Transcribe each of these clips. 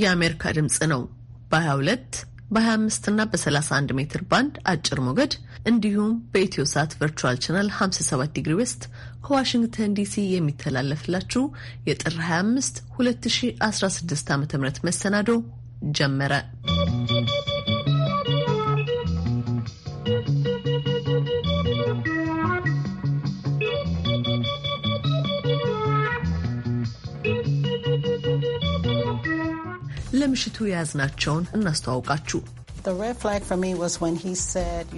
የአሜሪካ ድምፅ ነው። በ22 በ25 እና በ31 ሜትር ባንድ አጭር ሞገድ እንዲሁም በኢትዮ ሳት ቨርቹዋል ቻናል 57 ዲግሪ ዌስት ከዋሽንግተን ዲሲ የሚተላለፍላችሁ የጥር 25 2016 ዓ ም መሰናዶ ጀመረ። ለምሽቱ የያዝናቸውን እናስተዋውቃችሁ።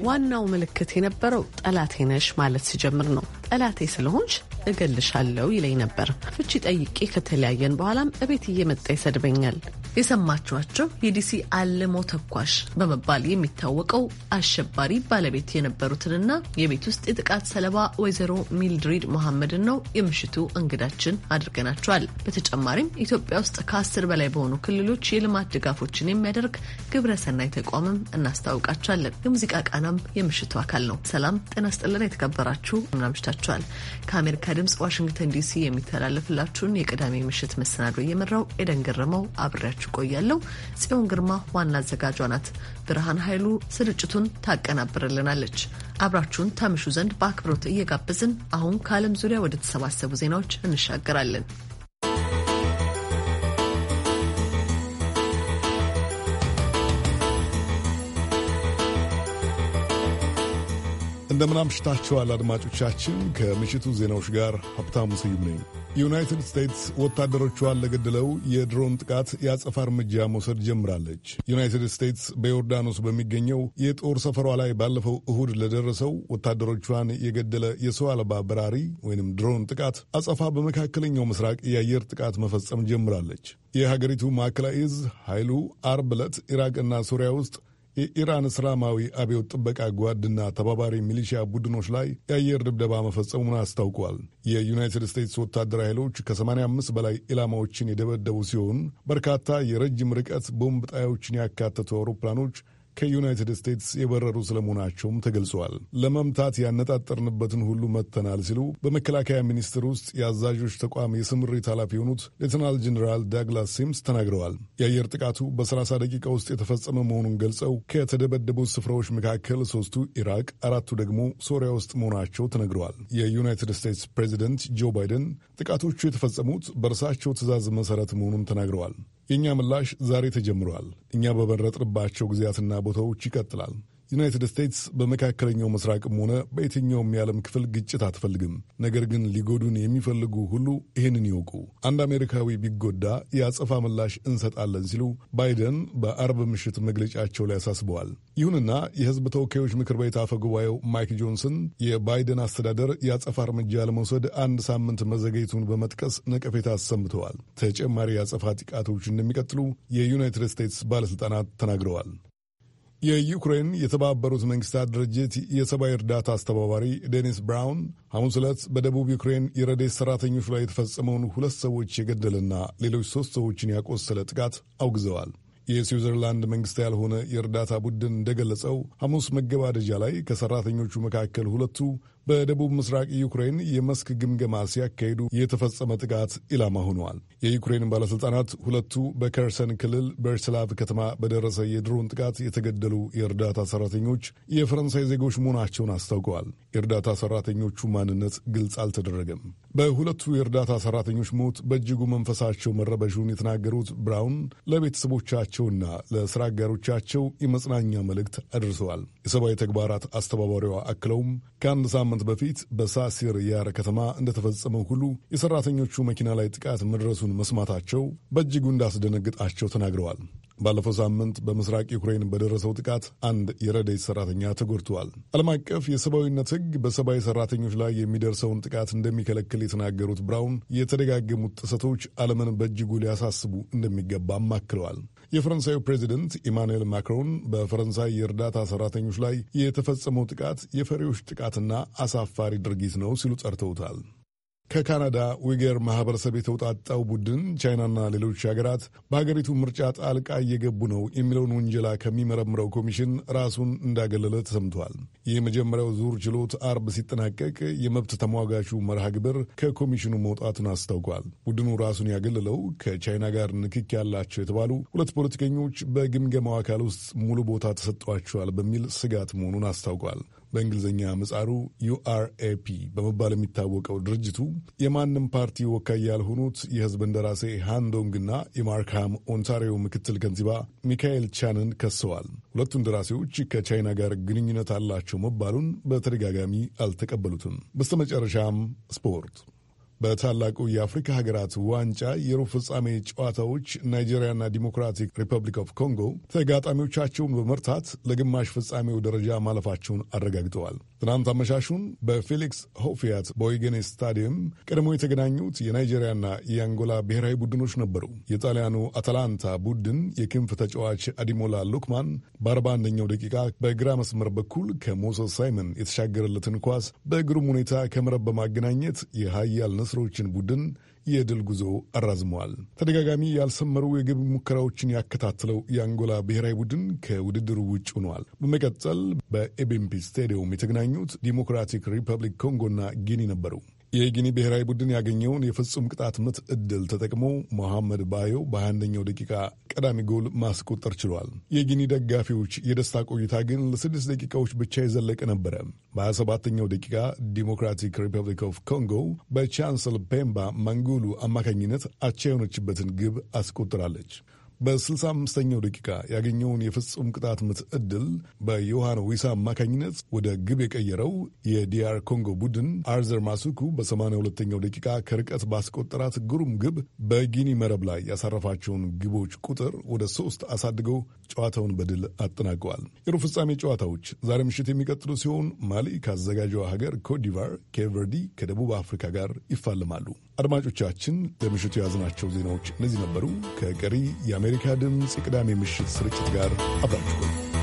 ዋናው ምልክት የነበረው ጠላቴ ነሽ ማለት ሲጀምር ነው። ጠላቴ ስለሆንሽ እገልሻለሁ ይለኝ ነበር። ፍቺ ጠይቄ ከተለያየን በኋላም እቤት እየመጣ ይሰድበኛል። የሰማችኋቸው የዲሲ አልሞ ተኳሽ በመባል የሚታወቀው አሸባሪ ባለቤት የነበሩትንና የቤት ውስጥ የጥቃት ሰለባ ወይዘሮ ሚልድሪድ መሐመድን ነው የምሽቱ እንግዳችን አድርገናቸዋል። በተጨማሪም ኢትዮጵያ ውስጥ ከአስር በላይ በሆኑ ክልሎች የልማት ድጋፎችን የሚያደርግ ግብረሰናይ ተቋምም እናስታውቃቸዋለን። የሙዚቃ ቃናም የምሽቱ አካል ነው። ሰላም ጤና ስጥልን። የተከበራችሁ ምናምሽታችኋል። ከአሜሪካ ድምጽ ዋሽንግተን ዲሲ የሚተላለፍላችሁን የቅዳሜ ምሽት መሰናዶ እየመራው ኤደን ገረመው አብሬያችሁ አብሬያችሁ ቆያለሁ። ጽዮን ግርማ ዋና አዘጋጇ ናት። ብርሃን ኃይሉ ስርጭቱን ታቀናብርልናለች። አብራችሁን ታምሹ ዘንድ በአክብሮት እየጋበዝን አሁን ከዓለም ዙሪያ ወደ ተሰባሰቡ ዜናዎች እንሻገራለን። እንደምን አምሽታችኋል አድማጮቻችን። ከምሽቱ ዜናዎች ጋር ሀብታሙ ስዩም ነኝ። ዩናይትድ ስቴትስ ወታደሮቿን ለገድለው የድሮን ጥቃት የአጸፋ እርምጃ መውሰድ ጀምራለች። ዩናይትድ ስቴትስ በዮርዳኖስ በሚገኘው የጦር ሰፈሯ ላይ ባለፈው እሁድ ለደረሰው ወታደሮቿን የገደለ የሰው አልባ በራሪ ወይም ድሮን ጥቃት አጸፋ በመካከለኛው ምስራቅ የአየር ጥቃት መፈጸም ጀምራለች። የሀገሪቱ ማዕከላዊ ዕዝ ኃይሉ አርብ ዕለት ኢራቅና ሱሪያ ውስጥ የኢራን እስላማዊ አብዮት ጥበቃ ጓድና ተባባሪ ሚሊሻ ቡድኖች ላይ የአየር ድብደባ መፈጸሙን አስታውቋል። የዩናይትድ ስቴትስ ወታደራዊ ኃይሎች ከ85 በላይ ኢላማዎችን የደበደቡ ሲሆን በርካታ የረጅም ርቀት ቦምብ ጣዮችን ያካተቱ አውሮፕላኖች ከዩናይትድ ስቴትስ የበረሩ ስለመሆናቸውም ተገልጸዋል። ለመምታት ያነጣጠርንበትን ሁሉ መጥተናል ሲሉ በመከላከያ ሚኒስቴር ውስጥ የአዛዦች ተቋም የስምሪት ኃላፊ የሆኑት ሌተናል ጀኔራል ዳግላስ ሲምስ ተናግረዋል። የአየር ጥቃቱ በ30 ደቂቃ ውስጥ የተፈጸመ መሆኑን ገልጸው ከተደበደቡት ስፍራዎች መካከል ሶስቱ ኢራቅ፣ አራቱ ደግሞ ሶሪያ ውስጥ መሆናቸው ተነግረዋል። የዩናይትድ ስቴትስ ፕሬዚደንት ጆ ባይደን ጥቃቶቹ የተፈጸሙት በእርሳቸው ትዕዛዝ መሰረት መሆኑን ተናግረዋል። የእኛ ምላሽ ዛሬ ተጀምሯል። እኛ በመረጥንባቸው ጊዜያትና ቦታዎች ይቀጥላል። ዩናይትድ ስቴትስ በመካከለኛው ምስራቅም ሆነ በየትኛውም የዓለም ክፍል ግጭት አትፈልግም። ነገር ግን ሊጎዱን የሚፈልጉ ሁሉ ይህንን ይወቁ። አንድ አሜሪካዊ ቢጎዳ የአጸፋ ምላሽ እንሰጣለን ሲሉ ባይደን በአርብ ምሽት መግለጫቸው ላይ አሳስበዋል። ይሁንና የሕዝብ ተወካዮች ምክር ቤት አፈ ጉባኤው ማይክ ጆንሰን የባይደን አስተዳደር የአጸፋ እርምጃ ለመውሰድ አንድ ሳምንት መዘገየቱን በመጥቀስ ነቀፌታ አሰምተዋል። ተጨማሪ የአጸፋ ጥቃቶች እንደሚቀጥሉ የዩናይትድ ስቴትስ ባለሥልጣናት ተናግረዋል። የዩክሬን የተባበሩት መንግስታት ድርጅት የሰብአዊ እርዳታ አስተባባሪ ዴኒስ ብራውን ሐሙስ ዕለት በደቡብ ዩክሬን የረዴት ሠራተኞች ላይ የተፈጸመውን ሁለት ሰዎች የገደልና ሌሎች ሦስት ሰዎችን ያቆሰለ ጥቃት አውግዘዋል። የስዊዘርላንድ መንግሥት ያልሆነ የእርዳታ ቡድን እንደገለጸው ሐሙስ መገባደጃ ላይ ከሠራተኞቹ መካከል ሁለቱ በደቡብ ምስራቅ ዩክሬን የመስክ ግምገማ ሲያካሂዱ የተፈጸመ ጥቃት ኢላማ ሆነዋል። የዩክሬን ባለሥልጣናት ሁለቱ በከርሰን ክልል በርስላቭ ከተማ በደረሰ የድሮን ጥቃት የተገደሉ የእርዳታ ሠራተኞች የፈረንሳይ ዜጎች መሆናቸውን አስታውቀዋል። የእርዳታ ሠራተኞቹ ማንነት ግልጽ አልተደረገም። በሁለቱ የእርዳታ ሠራተኞች ሞት በእጅጉ መንፈሳቸው መረበሹን የተናገሩት ብራውን ለቤተሰቦቻቸውና ለስራ አጋሮቻቸው የመጽናኛ መልእክት አድርሰዋል። የሰብአዊ ተግባራት አስተባባሪዋ አክለውም ከአንድ ሳምንት ሳምንት በፊት በሳሲር ያር ከተማ እንደተፈጸመው ሁሉ የሰራተኞቹ መኪና ላይ ጥቃት መድረሱን መስማታቸው በእጅጉ እንዳስደነግጣቸው ተናግረዋል። ባለፈው ሳምንት በምስራቅ ዩክሬን በደረሰው ጥቃት አንድ የረድኤት ሰራተኛ ተጎድተዋል። ዓለም አቀፍ የሰብአዊነት ሕግ በሰብአዊ ሰራተኞች ላይ የሚደርሰውን ጥቃት እንደሚከለክል የተናገሩት ብራውን የተደጋገሙት ጥሰቶች ዓለምን በእጅጉ ሊያሳስቡ እንደሚገባም አክለዋል። የፈረንሳዩ ፕሬዚደንት ኢማኑኤል ማክሮን በፈረንሳይ የእርዳታ ሰራተኞች ላይ የተፈጸመው ጥቃት የፈሪዎች ጥቃትና አሳፋሪ ድርጊት ነው ሲሉ ጠርተውታል። ከካናዳ ዊጌር ማህበረሰብ የተውጣጣው ቡድን ቻይናና ሌሎች ሀገራት በሀገሪቱ ምርጫ ጣልቃ እየገቡ ነው የሚለውን ውንጀላ ከሚመረምረው ኮሚሽን ራሱን እንዳገለለ ተሰምቷል። የመጀመሪያው ዙር ችሎት አርብ ሲጠናቀቅ የመብት ተሟጋቹ መርሃ ግብር ከኮሚሽኑ መውጣቱን አስታውቋል። ቡድኑ ራሱን ያገለለው ከቻይና ጋር ንክኪ ያላቸው የተባሉ ሁለት ፖለቲከኞች በግምገማው አካል ውስጥ ሙሉ ቦታ ተሰጥቷቸዋል በሚል ስጋት መሆኑን አስታውቋል። በእንግሊዝኛ ምጻሩ ዩአርኤፒ በመባል የሚታወቀው ድርጅቱ የማንም ፓርቲ ወካይ ያልሆኑት የህዝብ እንደራሴ ሃንዶንግና የማርካም ኦንታሪዮ ምክትል ከንቲባ ሚካኤል ቻንን ከሰዋል። ሁለቱ እንደራሴዎች ከቻይና ጋር ግንኙነት አላቸው መባሉን በተደጋጋሚ አልተቀበሉትም። በስተመጨረሻም ስፖርት በታላቁ የአፍሪካ ሀገራት ዋንጫ የሩብ ፍጻሜ ጨዋታዎች ናይጄሪያና ዲሞክራቲክ ሪፐብሊክ ኦፍ ኮንጎ ተጋጣሚዎቻቸውን በመርታት ለግማሽ ፍጻሜው ደረጃ ማለፋቸውን አረጋግጠዋል። ትናንት አመሻሹን በፌሊክስ ሆፊያት በወይገኔ ስታዲየም ቀድሞ የተገናኙት የናይጄሪያና የአንጎላ ብሔራዊ ቡድኖች ነበሩ። የጣሊያኑ አታላንታ ቡድን የክንፍ ተጫዋች አዲሞላ ሉክማን በ 41 ደቂቃ በግራ መስመር በኩል ከሞሰስ ሳይመን የተሻገረለትን ኳስ በግሩም ሁኔታ ከመረብ በማገናኘት የሀያልነት የአንበሳዎችን ቡድን የድል ጉዞ አራዝመዋል። ተደጋጋሚ ያልሰመሩ የግብ ሙከራዎችን ያከታተለው የአንጎላ ብሔራዊ ቡድን ከውድድሩ ውጭ ሆኗል። በመቀጠል በኤቤምፒ ስታዲየም የተገናኙት ዲሞክራቲክ ሪፐብሊክ ኮንጎና ጊኒ ነበሩ። የጊኒ ብሔራዊ ቡድን ያገኘውን የፍጹም ቅጣት ምት እድል ተጠቅሞ መሐመድ ባዮ በ21ኛው ደቂቃ ቀዳሚ ጎል ማስቆጠር ችሏል። የጊኒ ደጋፊዎች የደስታ ቆይታ ግን ለስድስት ደቂቃዎች ብቻ የዘለቀ ነበረ። በ27ኛው ደቂቃ ዲሞክራቲክ ሪፐብሊክ ኦፍ ኮንጎ በቻንስል ፔምባ ማንጎሉ አማካኝነት አቻ የሆነችበትን ግብ አስቆጥራለች። በ65ኛው ደቂቃ ያገኘውን የፍጹም ቅጣት ምት ዕድል በዮሐን ዊሳ አማካኝነት ወደ ግብ የቀየረው የዲያር ኮንጎ ቡድን አርዘር ማሱኩ በ82ኛው ደቂቃ ከርቀት ባስቆጠራት ግሩም ግብ በጊኒ መረብ ላይ ያሳረፋቸውን ግቦች ቁጥር ወደ ሶስት አሳድገው ጨዋታውን በድል አጠናቀዋል። የሩብ ፍጻሜ ጨዋታዎች ዛሬ ምሽት የሚቀጥሉ ሲሆን ማሊ ከአዘጋጇ ሀገር ኮትዲቫር፣ ኬቨርዲ ከደቡብ አፍሪካ ጋር ይፋለማሉ። አድማጮቻችን፣ ለምሽቱ የያዝናቸው ዜናዎች እነዚህ ነበሩ። ከቀሪ የአሜሪካ ድምፅ የቅዳሜ ምሽት ስርጭት ጋር አብራችሁ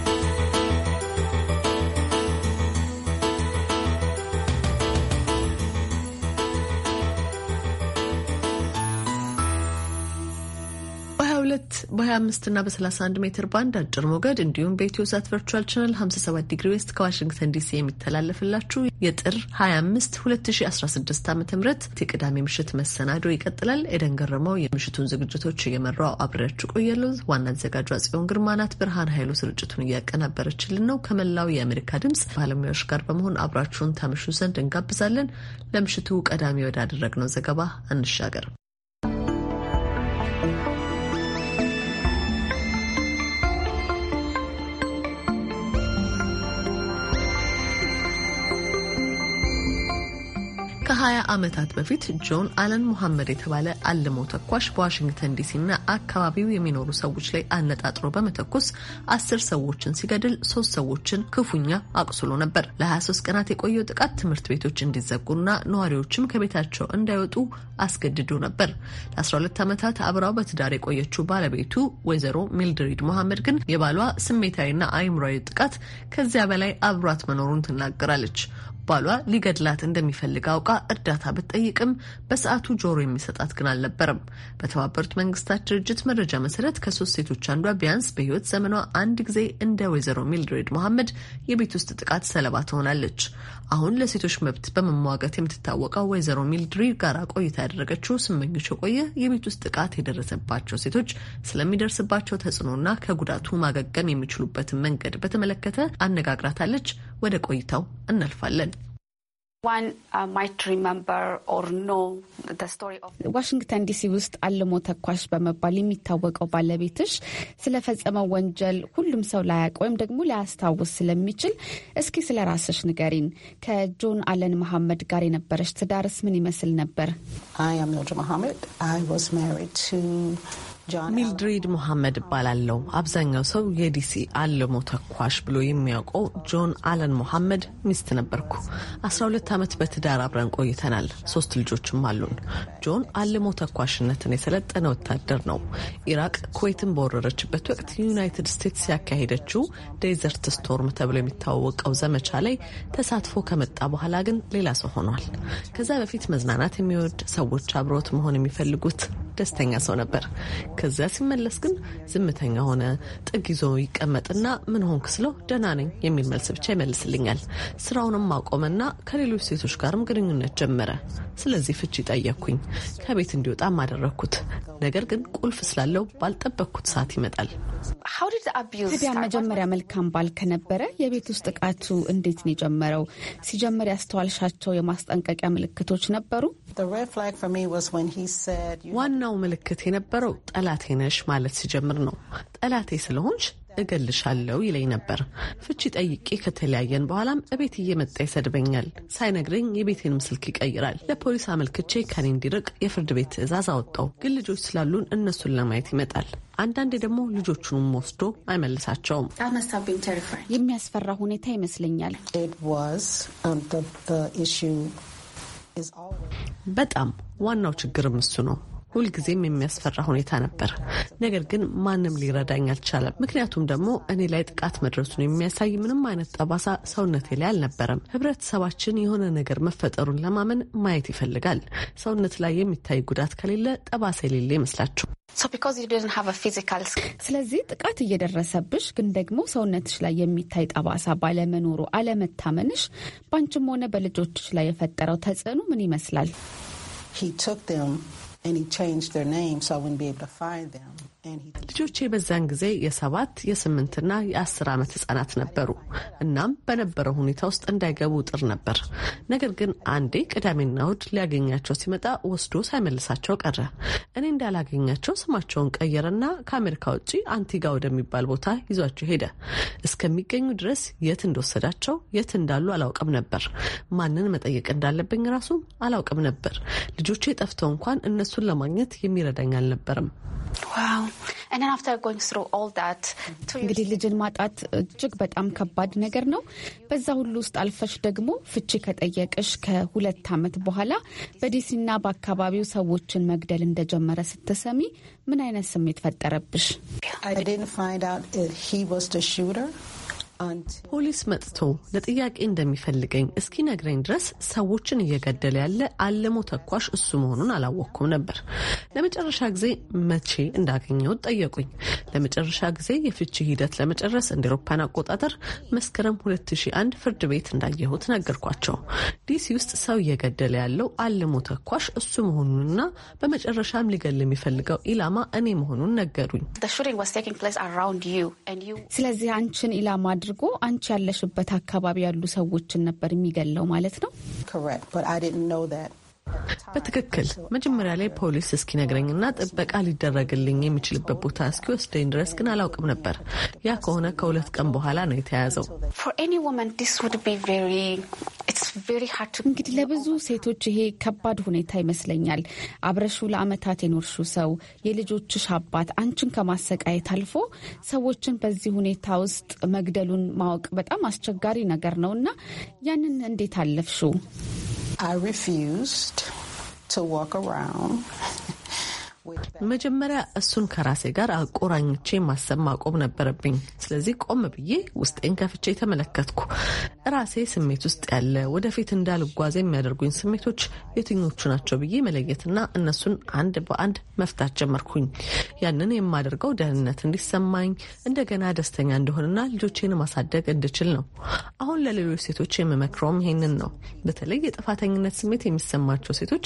በ በ25 እና በ31 ሜትር ባንድ አጭር ሞገድ እንዲሁም በኢትዮ ሳት ቨርቹዋል ቻናል 57 ዲግሪ ዌስት ከዋሽንግተን ዲሲ የሚተላለፍላችሁ የጥር 25 2016 ዓ ም የቅዳሜ ምሽት መሰናዶ ይቀጥላል። ኤደን ገረመው የምሽቱን ዝግጅቶች እየመራው አብሬያችሁ ቆያለሁ። ዋና አዘጋጇ ጽዮን ግርማ ናት። ብርሃን ኃይሉ ስርጭቱን እያቀናበረችልን ነው። ከመላው የአሜሪካ ድምፅ ባለሙያዎች ጋር በመሆን አብራችሁን ታምሹ ዘንድ እንጋብዛለን። ለምሽቱ ቀዳሚ ወዳደረግነው ዘገባ እንሻገር። ከ20 ዓመታት በፊት ጆን አለን ሙሐመድ የተባለ አልሞ ተኳሽ በዋሽንግተን ዲሲና አካባቢው የሚኖሩ ሰዎች ላይ አነጣጥሮ በመተኮስ አስር ሰዎችን ሲገድል ሶስት ሰዎችን ክፉኛ አቁስሎ ነበር። ለ23 ቀናት የቆየው ጥቃት ትምህርት ቤቶች እንዲዘጉና ነዋሪዎችም ከቤታቸው እንዳይወጡ አስገድዶ ነበር። ለ12 ዓመታት አብራው በትዳር የቆየችው ባለቤቱ ወይዘሮ ሚልድሪድ ሙሐመድ ግን የባሏ ስሜታዊና አይምሯዊ ጥቃት ከዚያ በላይ አብሯት መኖሩን ትናገራለች። ባሏ ሊገድላት እንደሚፈልግ አውቃ እርዳታ ብትጠይቅም በሰዓቱ ጆሮ የሚሰጣት ግን አልነበረም። በተባበሩት መንግስታት ድርጅት መረጃ መሰረት ከሶስት ሴቶች አንዷ ቢያንስ በህይወት ዘመኗ አንድ ጊዜ እንደ ወይዘሮ ሚልድሬድ መሐመድ የቤት ውስጥ ጥቃት ሰለባ ትሆናለች። አሁን ለሴቶች መብት በመሟገት የምትታወቀው ወይዘሮ ሚልድሪ ጋራ ቆይታ ያደረገችው ስመኞች የቆየ የቤት ውስጥ ጥቃት የደረሰባቸው ሴቶች ስለሚደርስባቸው ተጽዕኖና ከጉዳቱ ማገገም የሚችሉበትን መንገድ በተመለከተ አነጋግራታለች። ወደ ቆይታው እናልፋለን። Uh, ዋሽንግተን ዲሲ ውስጥ አልሞ ተኳሽ በመባል የሚታወቀው ባለቤትሽ ስለፈጸመው ወንጀል ሁሉም ሰው ላያውቅ ወይም ደግሞ ላያስታውስ ስለሚችል እስኪ ስለ ራስሽ ንገሪን። ከጆን አለን መሐመድ ጋር የነበረች ትዳርስ ምን ይመስል ነበር? ሚልድሪድ ሙሐመድ እባላለሁ። አብዛኛው ሰው የዲሲ አልሞ ተኳሽ ብሎ የሚያውቀው ጆን አለን ሙሐመድ ሚስት ነበርኩ። 12 ዓመት በትዳር አብረን ቆይተናል። ሶስት ልጆችም አሉን። ጆን አልሞ ተኳሽነትን የሰለጠነ ወታደር ነው። ኢራቅ ኩዌትን በወረረችበት ወቅት ዩናይትድ ስቴትስ ያካሄደችው ዴዘርት ስቶርም ተብሎ የሚታወቀው ዘመቻ ላይ ተሳትፎ ከመጣ በኋላ ግን ሌላ ሰው ሆኗል። ከዛ በፊት መዝናናት የሚወድ ሰዎች አብሮት መሆን የሚፈልጉት ደስተኛ ሰው ነበር። ከዚያ ሲመለስ ግን ዝምተኛ ሆነ። ጥግ ይዞ ይቀመጥና ምን ሆንክ ስለው ደህና ነኝ የሚል መልስ ብቻ ይመልስልኛል። ስራውንም አቆመና ከሌሎች ሴቶች ጋርም ግንኙነት ጀመረ። ስለዚህ ፍቺ ጠየቅኩኝ። ከቤት እንዲወጣም አደረግኩት። ነገር ግን ቁልፍ ስላለው ባልጠበቅኩት ሰዓት ይመጣል። ታዲያ መጀመሪያ መልካም ባል ከነበረ የቤት ውስጥ ጥቃቱ እንዴት ነው የጀመረው? ሲጀምር ያስተዋልሻቸው የማስጠንቀቂያ ምልክቶች ነበሩ? ዋናው ምልክት የነበረው ጠላቴ ነሽ ማለት ሲጀምር ነው። ጠላቴ ስለሆንሽ እገልሻለሁ ይለኝ ነበር። ፍቺ ጠይቄ ከተለያየን በኋላም እቤት እየመጣ ይሰድበኛል። ሳይነግረኝ የቤቴንም ስልክ ይቀይራል። ለፖሊስ አመልክቼ ከኔ እንዲርቅ የፍርድ ቤት ትዕዛዝ አወጣው። ግን ልጆች ስላሉን እነሱን ለማየት ይመጣል። አንዳንዴ ደግሞ ልጆቹንም ወስዶ አይመልሳቸውም። የሚያስፈራ ሁኔታ ይመስለኛል። በጣም ዋናው ችግርም እሱ ነው። ሁልጊዜም የሚያስፈራ ሁኔታ ነበር። ነገር ግን ማንም ሊረዳኝ አልቻለም። ምክንያቱም ደግሞ እኔ ላይ ጥቃት መድረሱን የሚያሳይ ምንም አይነት ጠባሳ ሰውነቴ ላይ አልነበረም። ህብረተሰባችን የሆነ ነገር መፈጠሩን ለማመን ማየት ይፈልጋል። ሰውነት ላይ የሚታይ ጉዳት ከሌለ ጠባሳ የሌለ ይመስላችሁ። ስለዚህ ጥቃት እየደረሰብሽ ግን ደግሞ ሰውነትሽ ላይ የሚታይ ጠባሳ ባለመኖሩ አለመታመንሽ በአንቺም ሆነ በልጆችሽ ላይ የፈጠረው ተጽዕኖ ምን ይመስላል? and he changed their name so I wouldn't be able to find them. ልጆቼ በዛን ጊዜ የሰባት የስምንትና የአስር ዓመት ህጻናት ነበሩ። እናም በነበረው ሁኔታ ውስጥ እንዳይገቡ ጥር ነበር። ነገር ግን አንዴ ቅዳሜና እሁድ ሊያገኛቸው ሲመጣ ወስዶ ሳይመልሳቸው ቀረ። እኔ እንዳላገኛቸው ስማቸውን ቀየረና ከአሜሪካ ውጭ አንቲጋ ወደሚባል ቦታ ይዟቸው ሄደ። እስከሚገኙ ድረስ የት እንደወሰዳቸው፣ የት እንዳሉ አላውቅም ነበር። ማንን መጠየቅ እንዳለብኝ ራሱ አላውቅም ነበር። ልጆቼ ጠፍተው እንኳን እነሱን ለማግኘት የሚረዳኝ አልነበርም። እንግዲህ ልጅን ማጣት እጅግ በጣም ከባድ ነገር ነው። በዛ ሁሉ ውስጥ አልፈሽ ደግሞ ፍቺ ከጠየቅሽ ከሁለት ዓመት በኋላ በዲሲና በአካባቢው ሰዎችን መግደል እንደጀመረ ስትሰሚ ምን አይነት ስሜት ፈጠረብሽ? ፖሊስ መጥቶ ለጥያቄ እንደሚፈልገኝ እስኪነግረኝ ድረስ ሰዎችን እየገደለ ያለ አለሞ ተኳሽ እሱ መሆኑን አላወቅኩም ነበር። ለመጨረሻ ጊዜ መቼ እንዳገኘሁት ጠየቁኝ። ለመጨረሻ ጊዜ የፍቺ ሂደት ለመጨረስ እንደ አውሮፓውያን አቆጣጠር መስከረም 2001 ፍርድ ቤት እንዳየሁት ነገርኳቸው። ዲሲ ውስጥ ሰው እየገደለ ያለው አለሞ ተኳሽ እሱ መሆኑንና በመጨረሻም ሊገል የሚፈልገው ኢላማ እኔ መሆኑን ነገሩኝ። ስለዚህ አንቺን ኢላማ አድርጎ አንቺ ያለሽበት አካባቢ ያሉ ሰዎችን ነበር የሚገለው ማለት ነው? በትክክል መጀመሪያ ላይ ፖሊስ እስኪነግረኝና ጥበቃ ሊደረግልኝ የሚችልበት ቦታ እስኪወስደኝ ድረስ ግን አላውቅም ነበር። ያ ከሆነ ከሁለት ቀን በኋላ ነው የተያዘው። እንግዲህ ለብዙ ሴቶች ይሄ ከባድ ሁኔታ ይመስለኛል። አብረሹ ለአመታት የኖርሹ ሰው፣ የልጆችሽ አባት አንቺን ከማሰቃየት አልፎ ሰዎችን በዚህ ሁኔታ ውስጥ መግደሉን ማወቅ በጣም አስቸጋሪ ነገር ነው እና ያንን እንዴት አለፍሹ? I refused to walk around. መጀመሪያ እሱን ከራሴ ጋር አቆራኝቼ ማሰብ ማቆም ነበረብኝ። ስለዚህ ቆም ብዬ ውስጤን ከፍቼ ተመለከትኩ። ራሴ ስሜት ውስጥ ያለ ወደፊት እንዳልጓዝ የሚያደርጉኝ ስሜቶች የትኞቹ ናቸው ብዬ መለየትና እነሱን አንድ በአንድ መፍታት ጀመርኩኝ። ያንን የማደርገው ደህንነት እንዲሰማኝ እንደገና ደስተኛ እንደሆንና ልጆቼን ማሳደግ እንድችል ነው። አሁን ለሌሎች ሴቶች የምመክረውም ይሄንን ነው። በተለይ የጥፋተኝነት ስሜት የሚሰማቸው ሴቶች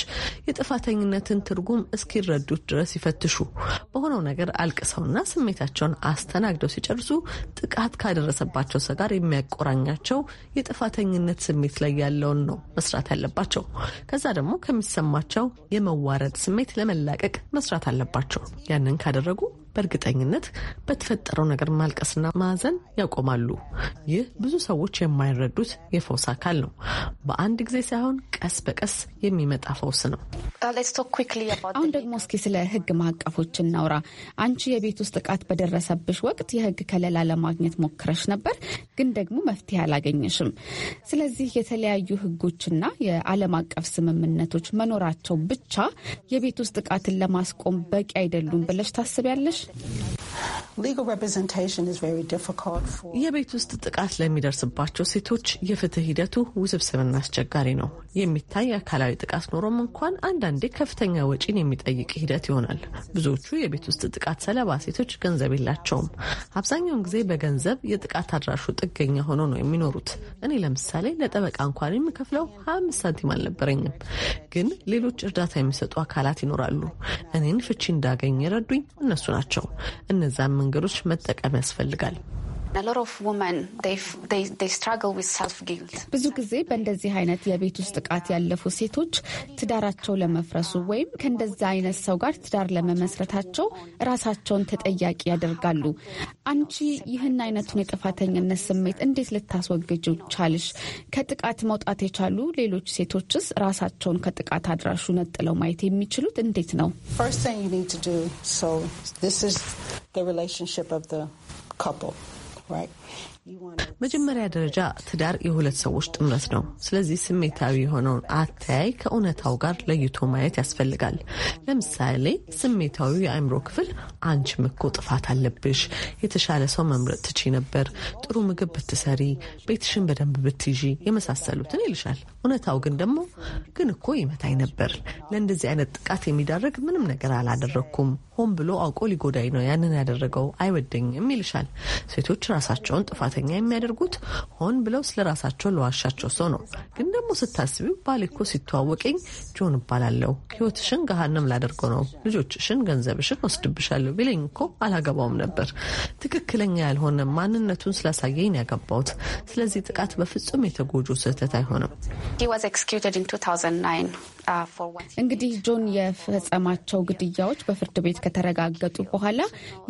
የጥፋተኝነትን ትርጉም እስኪረዱት ድረስ ይፈትሹ። በሆነው ነገር አልቅሰውና ስሜታቸውን አስተናግደው ሲጨርሱ ጥቃት ካደረሰባቸው ሰው ጋር የሚያቆራኛቸው የጥፋተኝነት ስሜት ላይ ያለውን ነው መስራት ያለባቸው። ከዛ ደግሞ ከሚሰማቸው የመዋረድ ስሜት ለመላቀቅ መስራት አለባቸው። ያንን ካደረጉ በእርግጠኝነት በተፈጠረው ነገር ማልቀስና ማዘን ያቆማሉ። ይህ ብዙ ሰዎች የማይረዱት የፈውስ አካል ነው። በአንድ ጊዜ ሳይሆን ቀስ በቀስ የሚመጣ ፈውስ ነው። uh, አሁን ደግሞ እስኪ ስለ ሕግ ማዕቀፎች እናውራ። አንቺ የቤት ውስጥ ጥቃት በደረሰብሽ ወቅት የሕግ ከለላ ለማግኘት ሞክረሽ ነበር፣ ግን ደግሞ መፍትሄ አላገኘሽም። ስለዚህ የተለያዩ ሕጎችና የዓለም አቀፍ ስምምነቶች መኖራቸው ብቻ የቤት ውስጥ ጥቃትን ለማስቆም በቂ አይደሉም ብለሽ ታስቢያለሽ? Gracias. የቤት ውስጥ ጥቃት ለሚደርስባቸው ሴቶች የፍትህ ሂደቱ ውስብስብና አስቸጋሪ ነው። የሚታይ አካላዊ ጥቃት ኖሮም እንኳን አንዳንዴ ከፍተኛ ወጪን የሚጠይቅ ሂደት ይሆናል። ብዙዎቹ የቤት ውስጥ ጥቃት ሰለባ ሴቶች ገንዘብ የላቸውም። አብዛኛውን ጊዜ በገንዘብ የጥቃት አድራሹ ጥገኛ ሆኖ ነው የሚኖሩት። እኔ ለምሳሌ ለጠበቃ እንኳን የምከፍለው 25 ሳንቲም አልነበረኝም። ግን ሌሎች እርዳታ የሚሰጡ አካላት ይኖራሉ። እኔን ፍቺ እንዳገኝ የረዱኝ እነሱ ናቸው። እነዛን መንገዶች መጠቀም ያስፈልጋል። ብዙ ጊዜ በእንደዚህ አይነት የቤት ውስጥ ጥቃት ያለፉ ሴቶች ትዳራቸው ለመፍረሱ ወይም ከእንደዛ አይነት ሰው ጋር ትዳር ለመመስረታቸው ራሳቸውን ተጠያቂ ያደርጋሉ። አንቺ ይህን አይነቱን የጥፋተኝነት ስሜት እንዴት ልታስወግጁ ቻልሽ? ከጥቃት መውጣት የቻሉ ሌሎች ሴቶችስ ራሳቸውን ከጥቃት አድራሹ ነጥለው ማየት የሚችሉት እንዴት ነው? First thing you መጀመሪያ ደረጃ ትዳር የሁለት ሰዎች ጥምረት ነው። ስለዚህ ስሜታዊ የሆነውን አተያይ ከእውነታው ጋር ለይቶ ማየት ያስፈልጋል። ለምሳሌ ስሜታዊ የአእምሮ ክፍል አንቺም እኮ ጥፋት አለብሽ፣ የተሻለ ሰው መምረጥ ትቺ ነበር፣ ጥሩ ምግብ ብትሰሪ፣ ቤትሽን በደንብ ብትይዢ የመሳሰሉትን ይልሻል። እውነታው ግን ደግሞ ግን እኮ ይመታኝ ነበር፣ ለእንደዚህ አይነት ጥቃት የሚዳርግ ምንም ነገር አላደረግኩም ሆን ብሎ አውቆ ሊጎዳኝ ነው ያንን ያደረገው አይወደኝም ይልሻል። ሴቶች ራሳቸውን ጥፋተኛ የሚያደርጉት ሆን ብለው ስለ ራሳቸው ለዋሻቸው ሰው ነው። ግን ደግሞ ስታስቢው ባሌ እኮ ሲተዋወቀኝ ጆን እባላለሁ፣ ህይወትሽን ገሃነም ላደርገው ነው፣ ልጆችሽን፣ ገንዘብሽን ወስድብሻለሁ ቢለኝ እኮ አላገባውም ነበር። ትክክለኛ ያልሆነ ማንነቱን ስላሳየኝ ያገባውት ስለዚህ ጥቃት በፍጹም የተጎጆ ስህተት አይሆንም። እንግዲህ ጆን የፈጸማቸው ግድያዎች በፍርድ ቤት ከተረጋገጡ በኋላ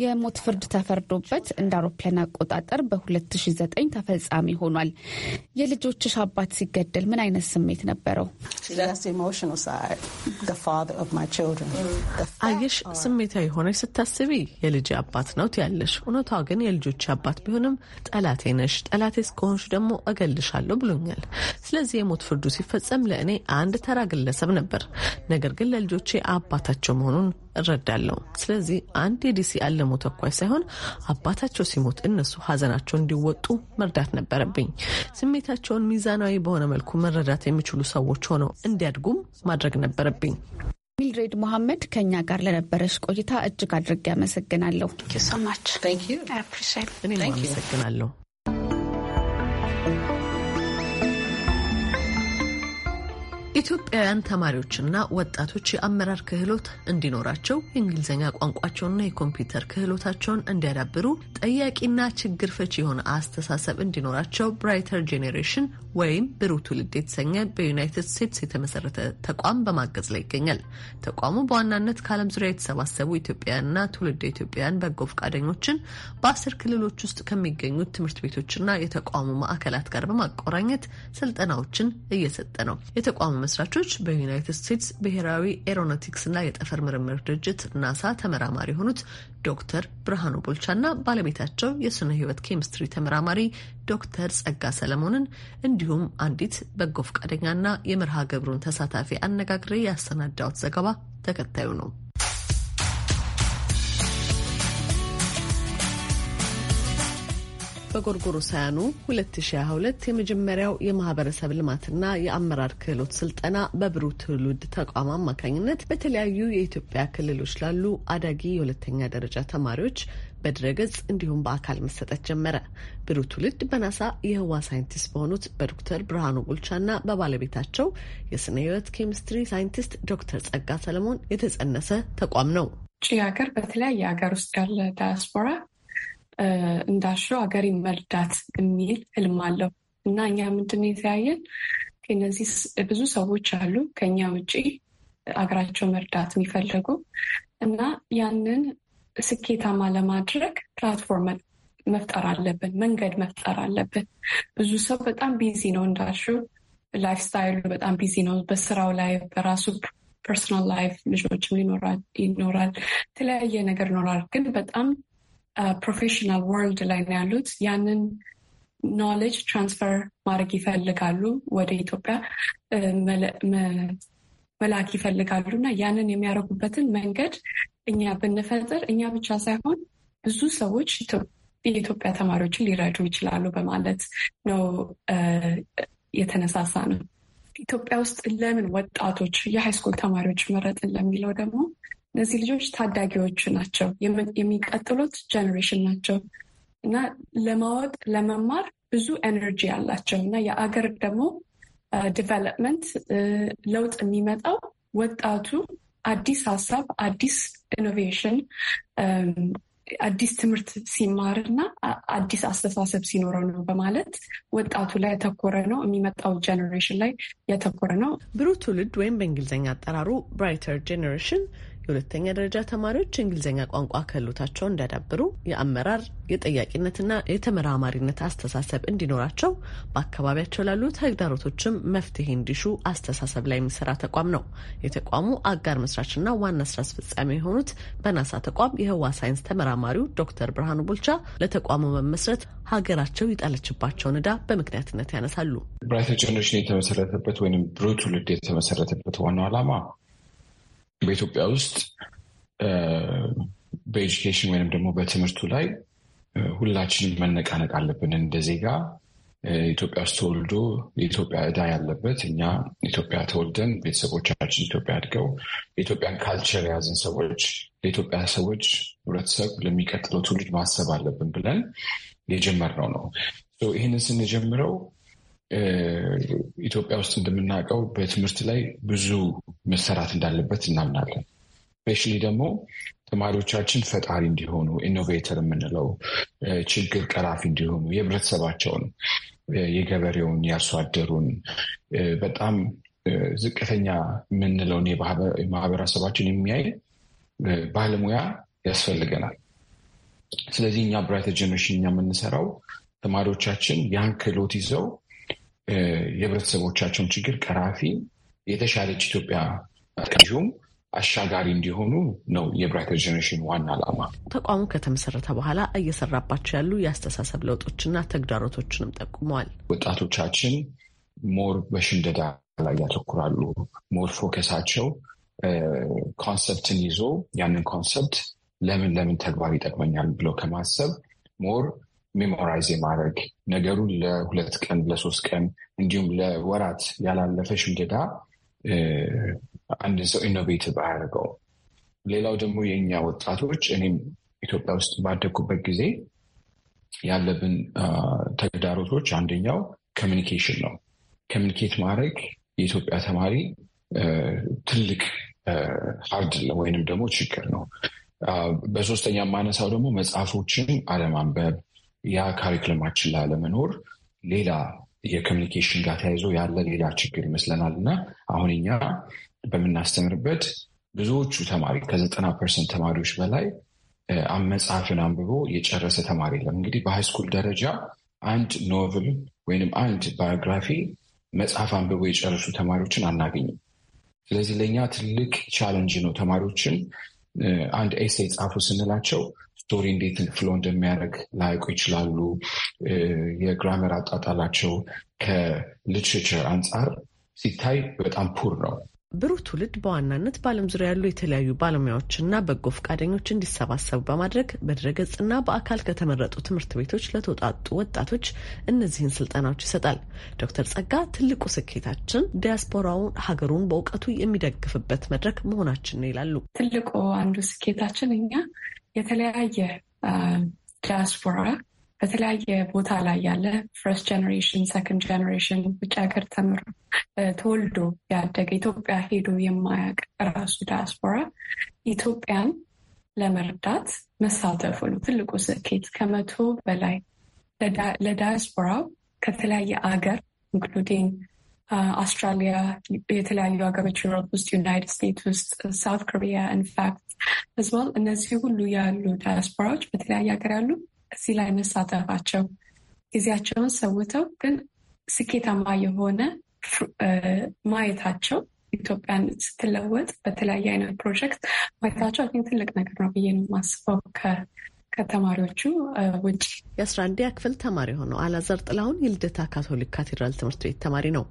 የሞት ፍርድ ተፈርዶበት እንደ አውሮፓውያን አቆጣጠር በ2009 ተፈጻሚ ሆኗል። የልጆችሽ አባት ሲገደል ምን አይነት ስሜት ነበረው? አየሽ፣ ስሜታዊ ሆነሽ ስታስቢ የልጅ አባት ነው ትያለሽ። እውነቷ ግን የልጆች አባት ቢሆንም ጠላቴ ነሽ፣ ጠላቴ እስከሆንሽ ደግሞ እገልሻለሁ ብሎኛል። ስለዚህ የሞት ፍርዱ ሲፈጸም ለእኔ አንድ ተራ ግለሰብ ነበር። ነገር ግን ለልጆቼ አባታቸው መሆኑን እረዳለሁ። ስለዚህ አንድ የዲሲ አለሙ ተኳይ ሳይሆን አባታቸው ሲሞት እነሱ ሀዘናቸው እንዲወጡ መርዳት ነበረብኝ። ስሜታቸውን ሚዛናዊ በሆነ መልኩ መረዳት የሚችሉ ሰዎች ሆነው እንዲያድጉም ማድረግ ነበረብኝ። ሚልድሬድ ሞሐመድ ከእኛ ጋር ለነበረች ቆይታ እጅግ አድርጌ አመሰግናለሁ። እኔም አመሰግናለሁ። ኢትዮጵያውያን ተማሪዎችና ወጣቶች የአመራር ክህሎት እንዲኖራቸው የእንግሊዝኛ ቋንቋቸውንና የኮምፒውተር ክህሎታቸውን እንዲያዳብሩ ጠያቂና ችግር ፈች የሆነ አስተሳሰብ እንዲኖራቸው ብራይተር ጄኔሬሽን ወይም ብሩህ ትውልድ የተሰኘ በዩናይትድ ስቴትስ የተመሰረተ ተቋም በማገዝ ላይ ይገኛል። ተቋሙ በዋናነት ከዓለም ዙሪያ የተሰባሰቡ ኢትዮጵያውያንና ትውልድ ኢትዮጵያውያን በጎ ፈቃደኞችን በአስር ክልሎች ውስጥ ከሚገኙት ትምህርት ቤቶችና የተቋሙ ማዕከላት ጋር በማቆራኘት ስልጠናዎችን እየሰጠ ነው። የተቋሙ መስራቾች በዩናይትድ ስቴትስ ብሔራዊ ኤሮናቲክስና የጠፈር ምርምር ድርጅት ናሳ ተመራማሪ የሆኑት ዶክተር ብርሃኑ ቦልቻና ባለቤታቸው የስነ ህይወት ኬሚስትሪ ተመራማሪ ዶክተር ጸጋ ሰለሞንን እንዲሁም አንዲት በጎ ፈቃደኛና የመርሃ ግብሩን ተሳታፊ አነጋግሬ ያሰናዳሁት ዘገባ ተከታዩ ነው። ሳያኑ 2022 የመጀመሪያው የማህበረሰብ ልማትና የአመራር ክህሎት ስልጠና በብሩህ ትውልድ ተቋም አማካኝነት በተለያዩ የኢትዮጵያ ክልሎች ላሉ አዳጊ የሁለተኛ ደረጃ ተማሪዎች በድረገጽ እንዲሁም በአካል መሰጠት ጀመረ። ብሩህ ትውልድ በናሳ የህዋ ሳይንቲስት በሆኑት በዶክተር ብርሃኑ ቡልቻና በባለቤታቸው የስነ ህይወት ኬሚስትሪ ሳይንቲስት ዶክተር ጸጋ ሰለሞን የተጸነሰ ተቋም ነው። ውጭ ሀገር በተለያየ ሀገር ውስጥ ያለ ዳያስፖራ እንዳሸው ሀገሬን መርዳት የሚል ህልም አለው እና እኛ ምንድን የተያየን እነዚህ ብዙ ሰዎች አሉ ከኛ ውጭ አገራቸው መርዳት የሚፈልጉ እና ያንን ስኬታማ ለማድረግ ፕላትፎርም መፍጠር አለብን፣ መንገድ መፍጠር አለብን። ብዙ ሰው በጣም ቢዚ ነው እንዳሹ ላይፍ ስታይሉ በጣም ቢዚ ነው በስራው ላይ በራሱ ፐርሶናል ላይፍ ልጆችም ይኖራል፣ የተለያየ ነገር ይኖራል። ግን በጣም ፕሮፌሽናል ወርልድ ላይ ነው ያሉት። ያንን ኖሌጅ ትራንስፈር ማድረግ ይፈልጋሉ፣ ወደ ኢትዮጵያ መላክ ይፈልጋሉ እና ያንን የሚያደርጉበትን መንገድ እኛ ብንፈጥር እኛ ብቻ ሳይሆን ብዙ ሰዎች የኢትዮጵያ ተማሪዎችን ሊረዱ ይችላሉ በማለት ነው የተነሳሳ ነው። ኢትዮጵያ ውስጥ ለምን ወጣቶች የሃይስኩል ተማሪዎች መረጥን ለሚለው ደግሞ እነዚህ ልጆች ታዳጊዎቹ ናቸው፣ የሚቀጥሉት ጀኔሬሽን ናቸው እና ለማወቅ ለመማር ብዙ ኤነርጂ አላቸው እና የአገር ደግሞ ዲቨሎፕመንት ለውጥ የሚመጣው ወጣቱ አዲስ ሀሳብ፣ አዲስ ኢኖቬሽን፣ አዲስ ትምህርት ሲማር እና አዲስ አስተሳሰብ ሲኖረው ነው በማለት ወጣቱ ላይ ያተኮረ ነው። የሚመጣው ጀኔሬሽን ላይ ያተኮረ ነው። ብሩህ ትውልድ ወይም በእንግሊዝኛ አጠራሩ ብራይተር ጄኔሬሽን የሁለተኛ ደረጃ ተማሪዎች እንግሊዝኛ ቋንቋ ክህሎታቸውን እንዲያዳብሩ የአመራር የጠያቂነትና የተመራማሪነት አስተሳሰብ እንዲኖራቸው በአካባቢያቸው ላሉ ተግዳሮቶችም መፍትሄ እንዲሹ አስተሳሰብ ላይ የሚሰራ ተቋም ነው። የተቋሙ አጋር መስራችና ዋና ስራ አስፈጻሚ የሆኑት በናሳ ተቋም የህዋ ሳይንስ ተመራማሪው ዶክተር ብርሃኑ ቡልቻ ለተቋሙ መመስረት ሀገራቸው ይጣለችባቸውን እዳ በምክንያትነት ያነሳሉ። ብራይተር ጀነሬሽን የተመሰረተበት ወይም ብሩህ ትውልድ የተመሰረተበት ዋናው ዓላማ በኢትዮጵያ ውስጥ በኤጁኬሽን ወይም ደግሞ በትምህርቱ ላይ ሁላችንም መነቃነቅ አለብን። እንደ ዜጋ ኢትዮጵያ ውስጥ ተወልዶ የኢትዮጵያ እዳ ያለበት እኛ ኢትዮጵያ ተወልደን ቤተሰቦቻችን ኢትዮጵያ አድገው የኢትዮጵያን ካልቸር የያዝን ሰዎች ለኢትዮጵያ ሰዎች፣ ህብረተሰብ ለሚቀጥለው ትውልድ ማሰብ አለብን ብለን የጀመርነው ነው። ይህንን ስንጀምረው ኢትዮጵያ ውስጥ እንደምናውቀው በትምህርት ላይ ብዙ መሰራት እንዳለበት እናምናለን። ስፔሻሊ ደግሞ ተማሪዎቻችን ፈጣሪ እንዲሆኑ ኢኖቬተር የምንለው ችግር ቀራፊ እንዲሆኑ የህብረተሰባቸውን፣ የገበሬውን፣ የአርሶ አደሩን በጣም ዝቅተኛ የምንለውን የማህበረሰባችን የሚያይ ባለሙያ ያስፈልገናል። ስለዚህ እኛ ብራይት ጀነሬሽን እኛ የምንሰራው ተማሪዎቻችን ያን ክህሎት ይዘው የህብረተሰቦቻቸውን ችግር ቀራፊ የተሻለች ኢትዮጵያ ቀዥም አሻጋሪ እንዲሆኑ ነው የብራይተር ጀኔሬሽን ዋና ዓላማ። ተቋሙ ከተመሰረተ በኋላ እየሰራባቸው ያሉ የአስተሳሰብ ለውጦችና ተግዳሮቶችንም ጠቁመዋል። ወጣቶቻችን ሞር በሽምደዳ ላይ ያተኩራሉ። ሞር ፎከሳቸው ኮንሰፕትን ይዞ ያንን ኮንሰፕት ለምን ለምን ተግባር ይጠቅመኛል ብለው ከማሰብ ሞር ሜሞራይዝ የማድረግ ነገሩን ለሁለት ቀን ለሶስት ቀን እንዲሁም ለወራት ያላለፈ ሽምደዳ አንድ ሰው ኢኖቬቲቭ አያደርገው። ሌላው ደግሞ የእኛ ወጣቶች እኔም ኢትዮጵያ ውስጥ ባደግኩበት ጊዜ ያለብን ተግዳሮቶች አንደኛው ኮሚኒኬሽን ነው። ኮሚኒኬት ማድረግ የኢትዮጵያ ተማሪ ትልቅ ሀርድ ወይንም ደግሞ ችግር ነው። በሶስተኛ የማነሳው ደግሞ መጽሐፎችን አለማንበብ፣ ያ ካሪክለማችን ለመኖር ሌላ የኮሚኒኬሽን ጋር ተያይዞ ያለ ሌላ ችግር ይመስለናል እና አሁን እኛ በምናስተምርበት ብዙዎቹ ተማሪ ከዘጠና ፐርሰንት ተማሪዎች በላይ መጽሐፍን አንብቦ የጨረሰ ተማሪ የለም። እንግዲህ በሃይስኩል ደረጃ አንድ ኖቭል ወይም አንድ ባዮግራፊ መጽሐፍ አንብቦ የጨረሱ ተማሪዎችን አናገኝም። ስለዚህ ለእኛ ትልቅ ቻለንጅ ነው። ተማሪዎችን አንድ ኤሴ ጻፉ ስንላቸው ስቶሪ እንዴት ፍሎ እንደሚያደርግ ላያውቁ ይችላሉ። የግራመር አጣጣላቸው ከሊትሬቸር አንጻር ሲታይ በጣም ፑር ነው። ብሩህ ትውልድ በዋናነት በዓለም ዙሪያ ያሉ የተለያዩ ባለሙያዎችና በጎ ፈቃደኞች እንዲሰባሰቡ በማድረግ በድረገጽና በአካል ከተመረጡ ትምህርት ቤቶች ለተውጣጡ ወጣቶች እነዚህን ስልጠናዎች ይሰጣል። ዶክተር ጸጋ ትልቁ ስኬታችን ዲያስፖራውን ሀገሩን በእውቀቱ የሚደግፍበት መድረክ መሆናችን ነው ይላሉ። ትልቁ አንዱ ስኬታችን እኛ የተለያየ ዲያስፖራ በተለያየ ቦታ ላይ ያለ ፈርስት ጀኔሬሽን ሰከንድ ጀኔሬሽን ውጭ ሀገር ተምሮ ተወልዶ ያደገ ኢትዮጵያ ሄዶ የማያውቅ ራሱ ዲያስፖራ ኢትዮጵያን ለመርዳት መሳተፉ ነው ትልቁ ስኬት። ከመቶ በላይ ለዳያስፖራው ከተለያየ አገር ኢንክሉዲንግ አውስትራሊያ፣ uh, የተለያዩ ሀገሮች ዩሮፕ ውስጥ፣ ዩናይትድ ስቴትስ ውስጥ፣ ሳውት ኮሪያ ኢንፋክት ህዝቧል እነዚህ ሁሉ ያሉ ዳያስፖራዎች በተለያየ ሀገር ያሉ እዚህ ላይ መሳተፋቸው ጊዜያቸውን ሰውተው ግን ስኬታማ የሆነ ማየታቸው ኢትዮጵያን ስትለወጥ በተለያየ አይነት ፕሮጀክት ማየታቸው አን ትልቅ ነገር ነው ብዬ ነው የማስበው። ከተማሪዎቹ ውጭ የአስራ አንደኛ ክፍል ተማሪ የሆነው አላዛር ጥላሁን የልደታ ካቶሊክ ካቴድራል ትምህርት ቤት ተማሪ ነው።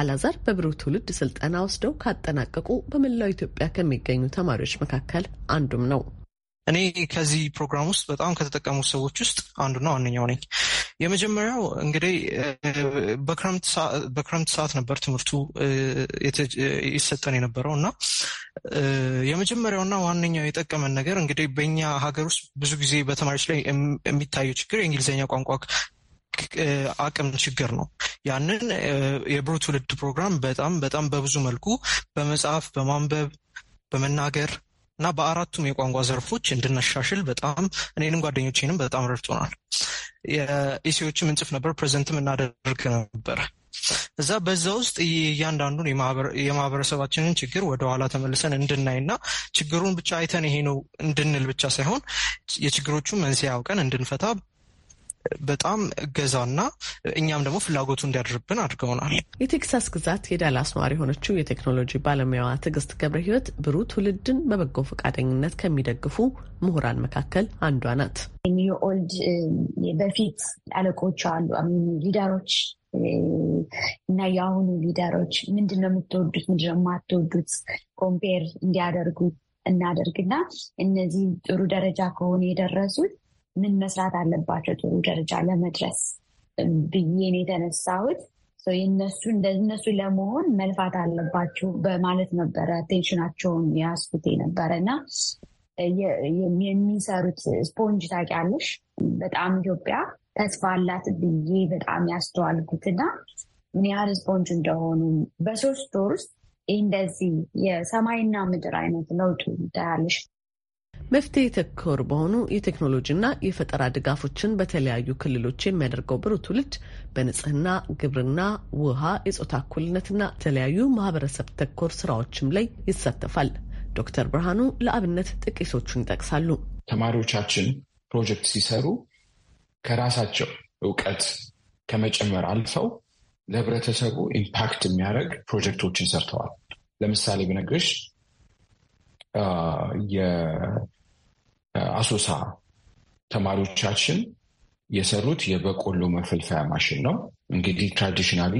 አላዛር በብሩህ ትውልድ ስልጠና ወስደው ካጠናቀቁ በመላው ኢትዮጵያ ከሚገኙ ተማሪዎች መካከል አንዱም ነው። እኔ ከዚህ ፕሮግራም ውስጥ በጣም ከተጠቀሙ ሰዎች ውስጥ አንዱና ዋነኛው ነኝ። የመጀመሪያው እንግዲህ በክረምት ሰዓት ነበር ትምህርቱ ይሰጠን የነበረው እና የመጀመሪያውና ዋነኛው የጠቀመን ነገር እንግዲህ በኛ ሀገር ውስጥ ብዙ ጊዜ በተማሪዎች ላይ የሚታየው ችግር የእንግሊዝኛ ቋንቋ አቅም ችግር ነው። ያንን የብሩህ ትውልድ ፕሮግራም በጣም በጣም በብዙ መልኩ በመጽሐፍ፣ በማንበብ፣ በመናገር እና በአራቱም የቋንቋ ዘርፎች እንድናሻሽል በጣም እኔንም ጓደኞቼንም በጣም ረድቶናል። የኢሲዎችም እንጽፍ ነበር፣ ፕሬዘንትም እናደርግ ነበር። እዛ በዛ ውስጥ እያንዳንዱን የማህበረሰባችንን ችግር ወደኋላ ተመልሰን እንድናይና ችግሩን ብቻ አይተን ይሄ ነው እንድንል ብቻ ሳይሆን የችግሮቹ መንስኤ አውቀን እንድንፈታ በጣም እገዛና እኛም ደግሞ ፍላጎቱ እንዲያድርብን አድርገውናል። የቴክሳስ ግዛት የዳላስ ነዋሪ የሆነችው የቴክኖሎጂ ባለሙያዋ ትዕግስት ገብረ ህይወት ብሩህ ትውልድን በበጎ ፈቃደኝነት ከሚደግፉ ምሁራን መካከል አንዷ ናት። ኒው ኦልድ በፊት አለቆች አሉ ሊደሮች እና የአሁኑ ሊደሮች ምንድነው የምትወዱት፣ ምንድነው የማትወዱት ኮምፔር እንዲያደርጉ እናደርግና እነዚህ ጥሩ ደረጃ ከሆኑ የደረሱት ምን መስራት አለባቸው ጥሩ ደረጃ ለመድረስ ብዬን የተነሳሁት የነሱ እንደነሱ ለመሆን መልፋት አለባቸው በማለት ነበረ ቴንሽናቸውን ያስፉት ነበረ እና የሚሰሩት ስፖንጅ ታውቂያለሽ፣ በጣም ኢትዮጵያ ተስፋ አላት ብዬ በጣም ያስተዋልኩት እና ምን ያህል ስፖንጅ እንደሆኑ በሶስት ወር ውስጥ እንደዚህ የሰማይና ምድር አይነት ለውጡ ታያለሽ። መፍትሄ ተኮር በሆኑ የቴክኖሎጂና የፈጠራ ድጋፎችን በተለያዩ ክልሎች የሚያደርገው ብሩህ ትውልድ በንጽህና፣ ግብርና፣ ውሃ፣ የጾታ እኩልነትና የተለያዩ ማህበረሰብ ተኮር ስራዎችም ላይ ይሳተፋል። ዶክተር ብርሃኑ ለአብነት ጥቂቶቹን ይጠቅሳሉ። ተማሪዎቻችን ፕሮጀክት ሲሰሩ ከራሳቸው እውቀት ከመጨመር አልፈው ለህብረተሰቡ ኢምፓክት የሚያደርግ ፕሮጀክቶችን ሰርተዋል። ለምሳሌ ብነግርሽ የአሶሳ ተማሪዎቻችን የሰሩት የበቆሎ መፈልፈያ ማሽን ነው። እንግዲህ ትራዲሽናሊ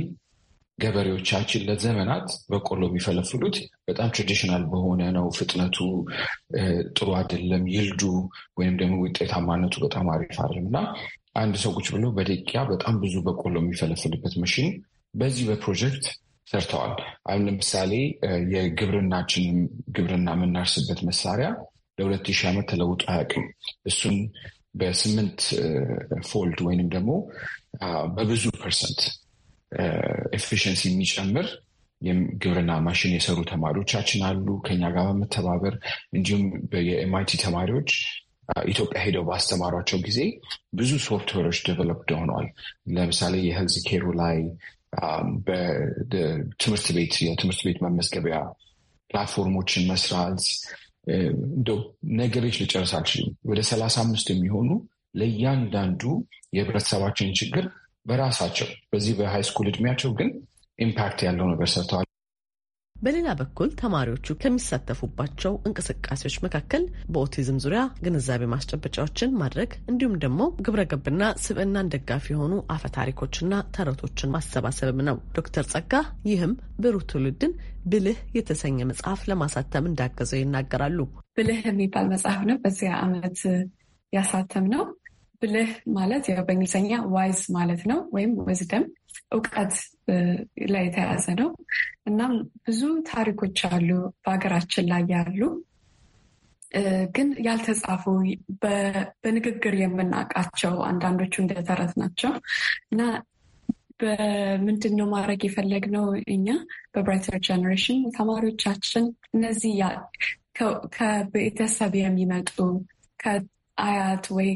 ገበሬዎቻችን ለዘመናት በቆሎ የሚፈለፍሉት በጣም ትራዲሽናል በሆነ ነው። ፍጥነቱ ጥሩ አይደለም፣ ይልዱ ወይም ደግሞ ውጤታማነቱ በጣም አሪፍ አይደለም እና አንድ ሰው ቁጭ ብሎ በደቂቃ በጣም ብዙ በቆሎ የሚፈለፍልበት መሽን በዚህ በፕሮጀክት ሰርተዋል። አሁን ለምሳሌ የግብርናችን ግብርና የምናርስበት መሳሪያ ለሁለት ሺህ ዓመት ተለውጦ አያውቅም። እሱን በስምንት ፎልድ ወይንም ደግሞ በብዙ ፐርሰንት ኤፊሽንሲ የሚጨምር የግብርና ማሽን የሰሩ ተማሪዎቻችን አሉ ከኛ ጋር በመተባበር እንዲሁም የኤምአይቲ ተማሪዎች ኢትዮጵያ ሄደው ባስተማሯቸው ጊዜ ብዙ ሶፍትዌሮች ደቨሎፕ ሆነዋል። ለምሳሌ የሄልዝ ኬሩ ላይ Um, ትምህርት ቤት የትምህርት ቤት መመዝገቢያ ፕላትፎርሞችን መስራት እንደው ነገሮች ልጨርስ አልችልም። ወደ ሰላሳ አምስት የሚሆኑ ለእያንዳንዱ የህብረተሰባችን ችግር በራሳቸው በዚህ በሃይስኩል እድሜያቸው ግን ኢምፓክት ያለው ነገር ሰርተዋል። በሌላ በኩል ተማሪዎቹ ከሚሳተፉባቸው እንቅስቃሴዎች መካከል በኦቲዝም ዙሪያ ግንዛቤ ማስጨበጫዎችን ማድረግ እንዲሁም ደግሞ ግብረገብና ስብዕናን ደጋፊ የሆኑ አፈታሪኮችና ተረቶችን ማሰባሰብም ነው። ዶክተር ጸጋ ይህም ብሩህ ትውልድን ብልህ የተሰኘ መጽሐፍ ለማሳተም እንዳገዘው ይናገራሉ። ብልህ የሚባል መጽሐፍ ነው በዚያ ዓመት ያሳተም ነው። ብልህ ማለት ያው በእንግሊዝኛ ዋይዝ ማለት ነው፣ ወይም ወዝደም እውቀት ላይ የተያዘ ነው። እናም ብዙ ታሪኮች አሉ በሀገራችን ላይ ያሉ ግን ያልተጻፉ በንግግር የምናውቃቸው አንዳንዶቹ እንደተረት ናቸው እና በምንድን ነው ማድረግ የፈለግነው እኛ በብራይተር ጀኔሬሽን ተማሪዎቻችን እነዚህ ከቤተሰብ የሚመጡ ከአያት ወይ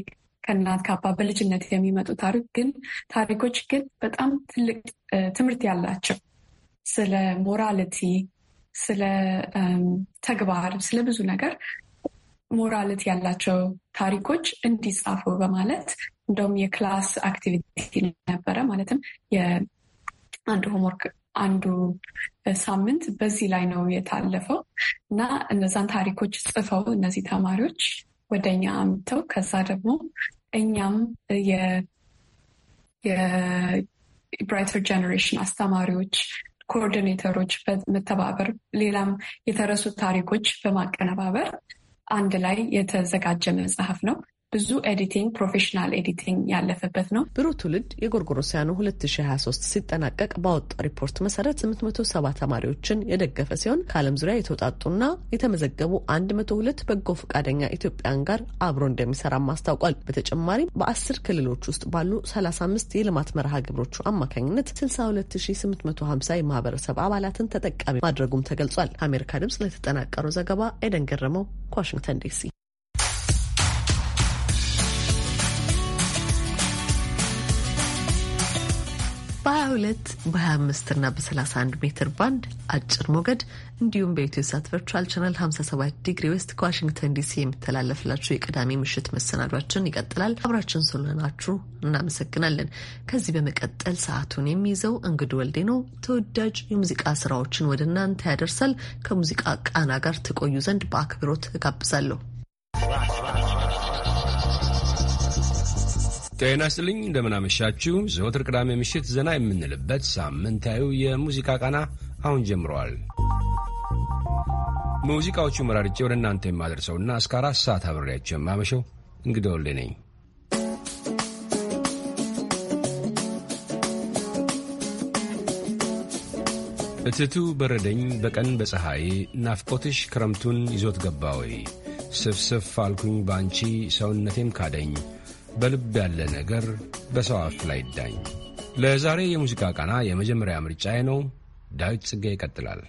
ከእናት ከአባ በልጅነት የሚመጡ ታሪክ ግን ታሪኮች ግን በጣም ትልቅ ትምህርት ያላቸው ስለ ሞራልቲ፣ ስለ ተግባር፣ ስለ ብዙ ነገር ሞራልቲ ያላቸው ታሪኮች እንዲጻፉ በማለት እንደውም የክላስ አክቲቪቲ ነበረ። ማለትም የአንዱ ሆምወርክ አንዱ ሳምንት በዚህ ላይ ነው የታለፈው እና እነዛን ታሪኮች ጽፈው እነዚህ ተማሪዎች ወደኛ አምተው ከዛ ደግሞ እኛም የብራይተር ጀኔሬሽን አስተማሪዎች፣ ኮኦርዲኔተሮች በመተባበር ሌላም የተረሱ ታሪኮች በማቀነባበር አንድ ላይ የተዘጋጀ መጽሐፍ ነው። ብዙ ኤዲቲንግ ፕሮፌሽናል ኤዲቲንግ ያለፈበት ነው። ብሩህ ትውልድ የጎርጎሮሲያኑ 2023 ሲጠናቀቅ ባወጣው ሪፖርት መሰረት 870 ተማሪዎችን የደገፈ ሲሆን ከዓለም ዙሪያ የተውጣጡና የተመዘገቡ 102 በጎ ፈቃደኛ ኢትዮጵያን ጋር አብሮ እንደሚሰራም አስታውቋል። በተጨማሪም በ10 ክልሎች ውስጥ ባሉ 35 የልማት መርሃ ግብሮቹ አማካኝነት 62850 የማህበረሰብ አባላትን ተጠቃሚ ማድረጉም ተገልጿል። ከአሜሪካ ድምጽ ለተጠናቀረው ዘገባ ኤደን ገረመው ከዋሽንግተን ዲሲ በ22 በ25 እና በ31 ሜትር ባንድ አጭር ሞገድ እንዲሁም በኢትዮ ሳት ቨርቹዋል ቻናል 57 ዲግሪ ዌስት ከዋሽንግተን ዲሲ የሚተላለፍላችሁ የቅዳሜ ምሽት መሰናዷችን ይቀጥላል። አብራችን ስለሆናችሁ እናመሰግናለን። ከዚህ በመቀጠል ሰዓቱን የሚይዘው እንግዱ ወልዴ ነው። ተወዳጅ የሙዚቃ ስራዎችን ወደ እናንተ ያደርሳል። ከሙዚቃ ቃና ጋር ትቆዩ ዘንድ በአክብሮት እጋብዛለሁ። ጤና ይስጥልኝ እንደምናመሻችሁ። ዘወትር ቅዳሜ ምሽት ዘና የምንልበት ሳምንታዊ የሙዚቃ ቃና አሁን ጀምረዋል። ሙዚቃዎቹ መራርጬ ወደ እናንተ የማደርሰውና እስከ አራት ሰዓት አብሬያቸው የማመሸው እንግዲህ ወልዴ ነኝ። እትቱ በረደኝ በቀን በፀሐይ ናፍቆትሽ ክረምቱን ይዞት ገባ ወይ ስፍስፍ አልኩኝ ባንቺ ሰውነቴም ካደኝ በልብ ያለ ነገር በሰው አፍ ላይ ይዳኝ። ለዛሬ የሙዚቃ ቃና የመጀመሪያ ምርጫዬ ነው። ዳዊት ጽጌ ይቀጥላል።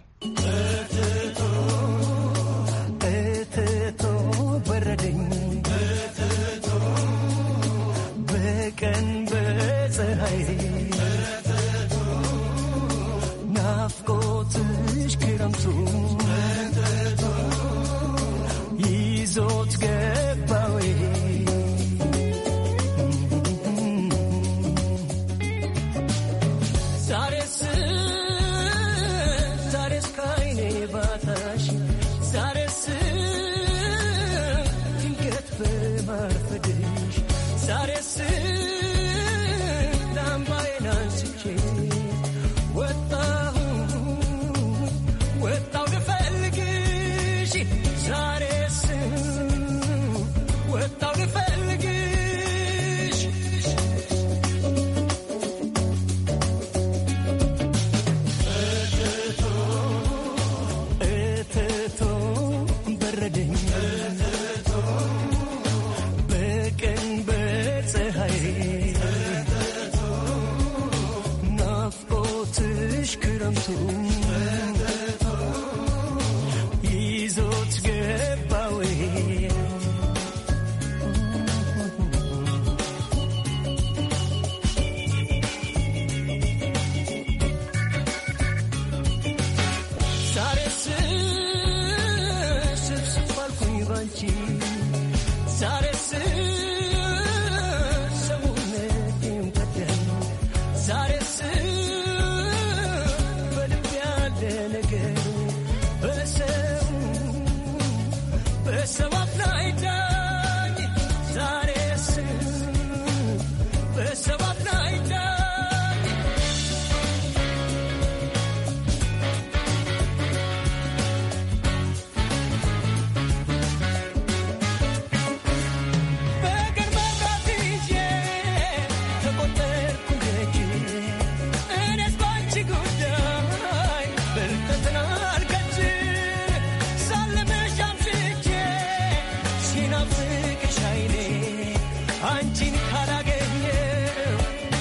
አንቺን ካላገኘ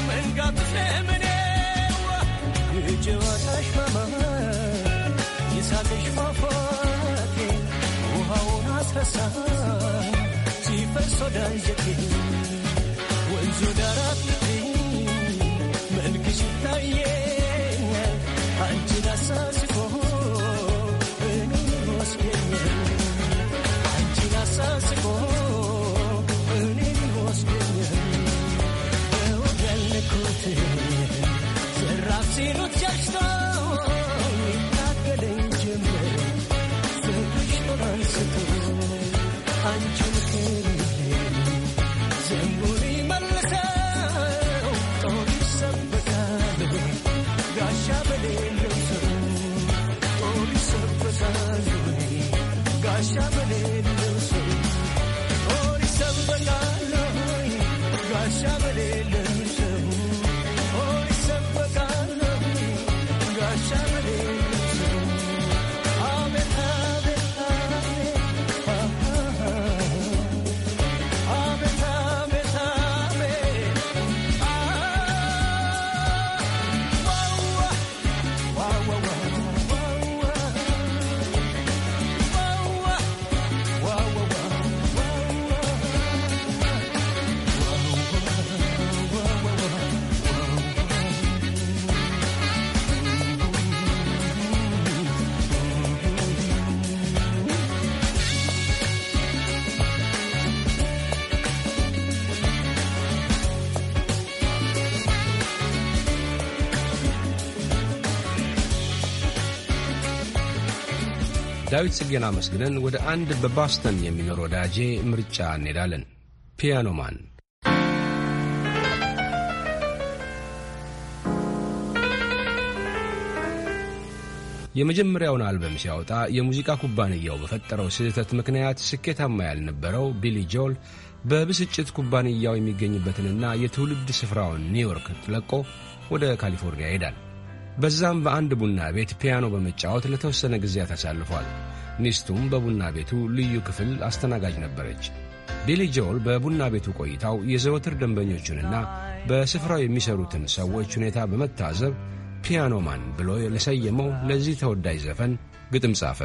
መንጋብስ ለምኔው የጨዋታሽ ማማር የሳቅሽ ፏፏቴ ውሃውን ዳዊት ጽጌና መስግነን ወደ አንድ በባስተን የሚኖር ወዳጄ ምርጫ እንሄዳለን። ፒያኖማን የመጀመሪያውን አልበም ሲያወጣ የሙዚቃ ኩባንያው በፈጠረው ስህተት ምክንያት ስኬታማ ያልነበረው ቢሊ ጆል በብስጭት ኩባንያው የሚገኝበትንና የትውልድ ስፍራውን ኒውዮርክ ለቆ ወደ ካሊፎርኒያ ይሄዳል። በዛም በአንድ ቡና ቤት ፒያኖ በመጫወት ለተወሰነ ጊዜያት አሳልፏል። ሚስቱም በቡና ቤቱ ልዩ ክፍል አስተናጋጅ ነበረች። ቢሊ ጆል በቡና ቤቱ ቆይታው የዘወትር ደንበኞቹንና በስፍራው የሚሰሩትን ሰዎች ሁኔታ በመታዘብ ፒያኖማን ብሎ ለሰየመው ለዚህ ተወዳጅ ዘፈን ግጥም ጻፈ።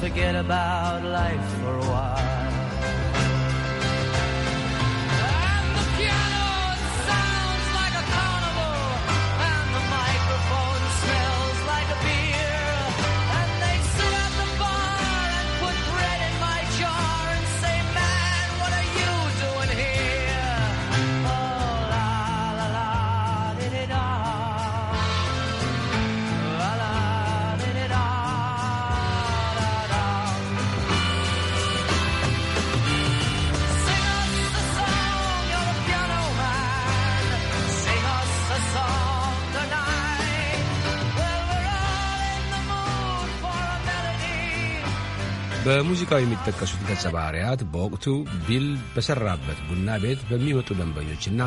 forget about በሙዚቃው የሚጠቀሱት ገጸ ባህርያት በወቅቱ ቢል በሠራበት ቡና ቤት በሚመጡ ደንበኞችና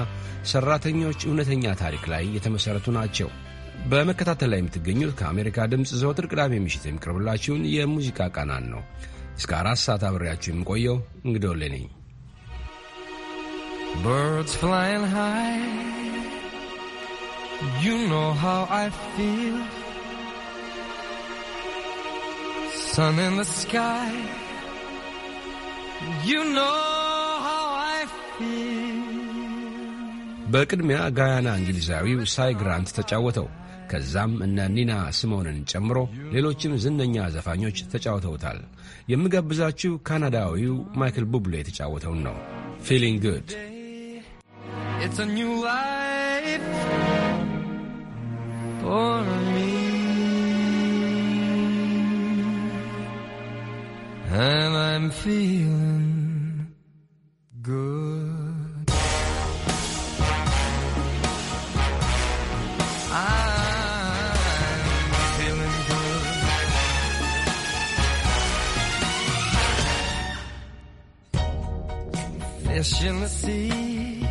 ሠራተኞች እውነተኛ ታሪክ ላይ የተመሠረቱ ናቸው። በመከታተል ላይ የምትገኙት ከአሜሪካ ድምፅ ዘወትር ቅዳሜ ምሽት የሚቀርብላችሁን የሙዚቃ ቃናን ነው። እስከ አራት ሰዓት አብሬያችሁ የምቆየው እንግዲህ ወሌ ነኝ። Birds flying high, you know how I feel. sun in the sky. You know how I feel. በቅድሚያ ጋያና እንግሊዛዊው ሳይ ግራንት ተጫወተው። ከዛም እነ ኒና ስሞንን ጨምሮ ሌሎችም ዝነኛ ዘፋኞች ተጫውተውታል። የምጋብዛችሁ ካናዳዊው ማይክል ቡብሎ የተጫወተውን ነው። ፊሊንግ ጉድ It's a new life for me. and I'm feeling good. I'm feeling good. Fish in the sea,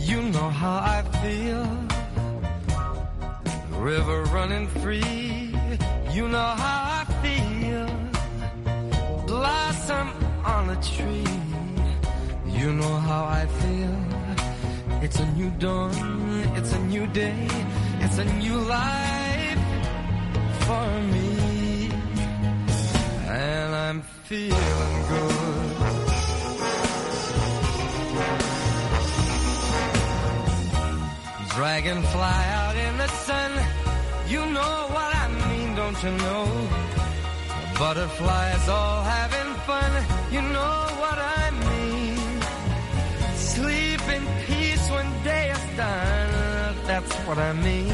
you know how I feel. River running free, you know how I blossom on a tree. You know how I feel. It's a new dawn, it's a new day, it's a new life for me. And I'm feeling good. Dragonfly out in the sun, you know what I mean, don't you know? Butterflies all having fun, you know what I mean. Sleep in peace when day is done, that's what I mean.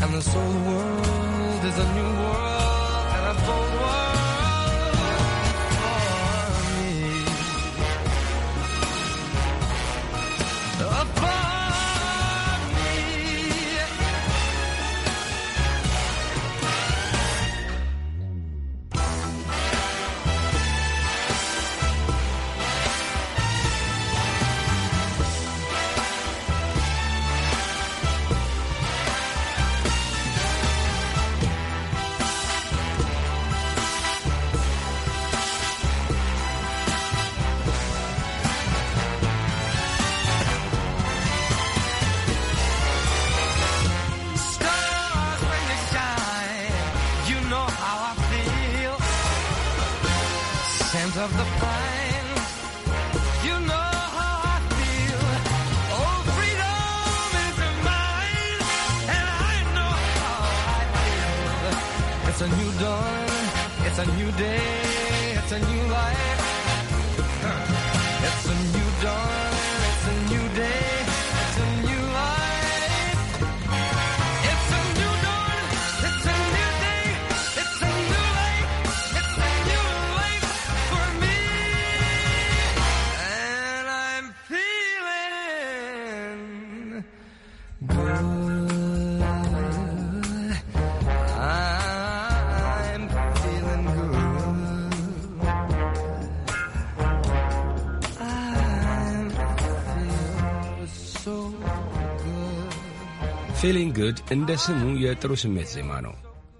And this old world is a new world and a bold world. ፊሊንግ ጉድ እንደ ስሙ የጥሩ ስሜት ዜማ ነው።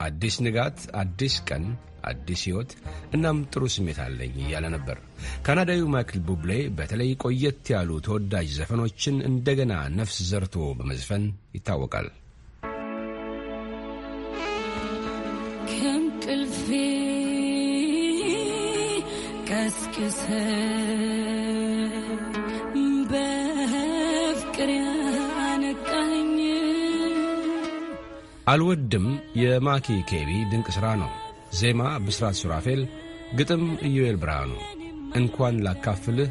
አዲስ ንጋት፣ አዲስ ቀን፣ አዲስ ሕይወት እናም ጥሩ ስሜት አለኝ እያለ ነበር። ካናዳዊ ማይክል ቡብሌ በተለይ ቆየት ያሉ ተወዳጅ ዘፈኖችን እንደገና ነፍስ ዘርቶ በመዝፈን ይታወቃል። ከእንቅልፌ ቀስቅሰ አልወድም የማኪ ኬቢ ድንቅ ሥራ ነው። ዜማ ብስራት ሱራፌል፣ ግጥም ኢዩኤል ብርሃኑ። እንኳን ላካፍልህ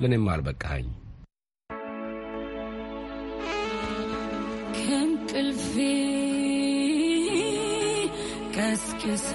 ለእኔም አልበቃኸኝ ከእንቅልፌ ቀስቅሰ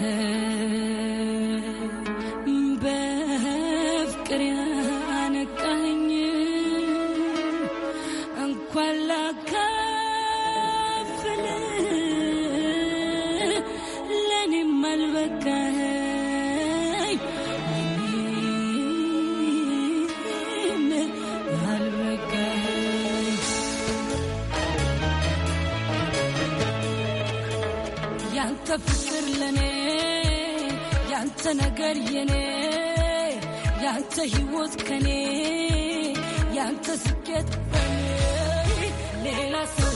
ያንተ ነገር የኔ ያንተ ህይወት ከኔ ያንተ ስኬት ሌላ ሰው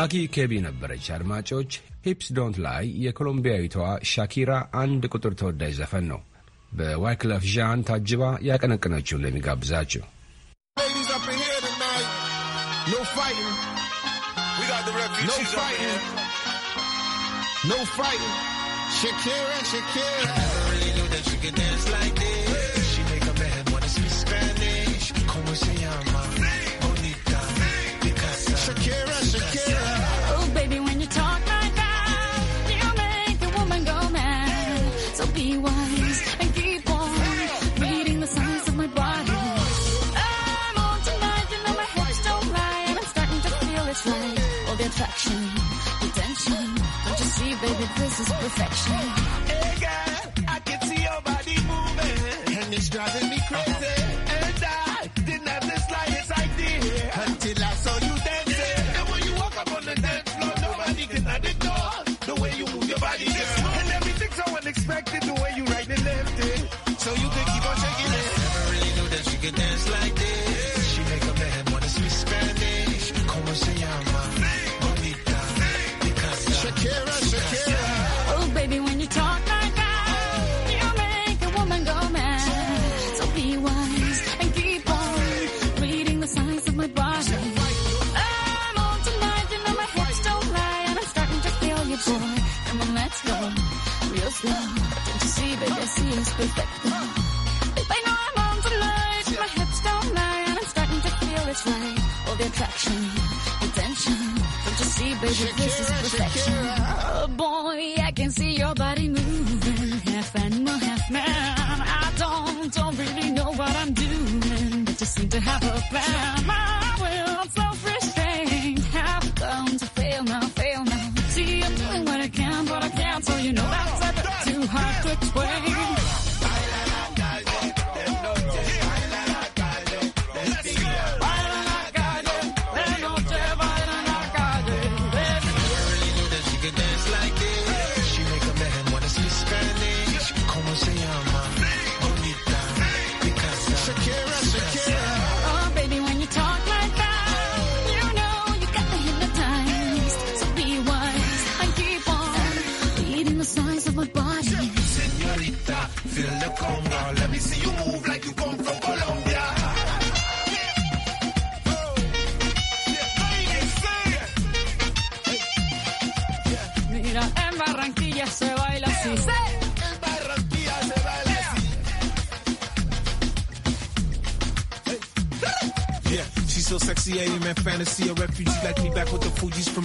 ማኪ ኬቢ ነበረች። አድማጮች ሂፕስ ዶንት ላይ የኮሎምቢያዊቷ ሻኪራ አንድ ቁጥር ተወዳጅ ዘፈን ነው። በዋይክለፍ ዣን ታጅባ ያቀነቀነችውን ለሚጋብዛችሁ No is perfection.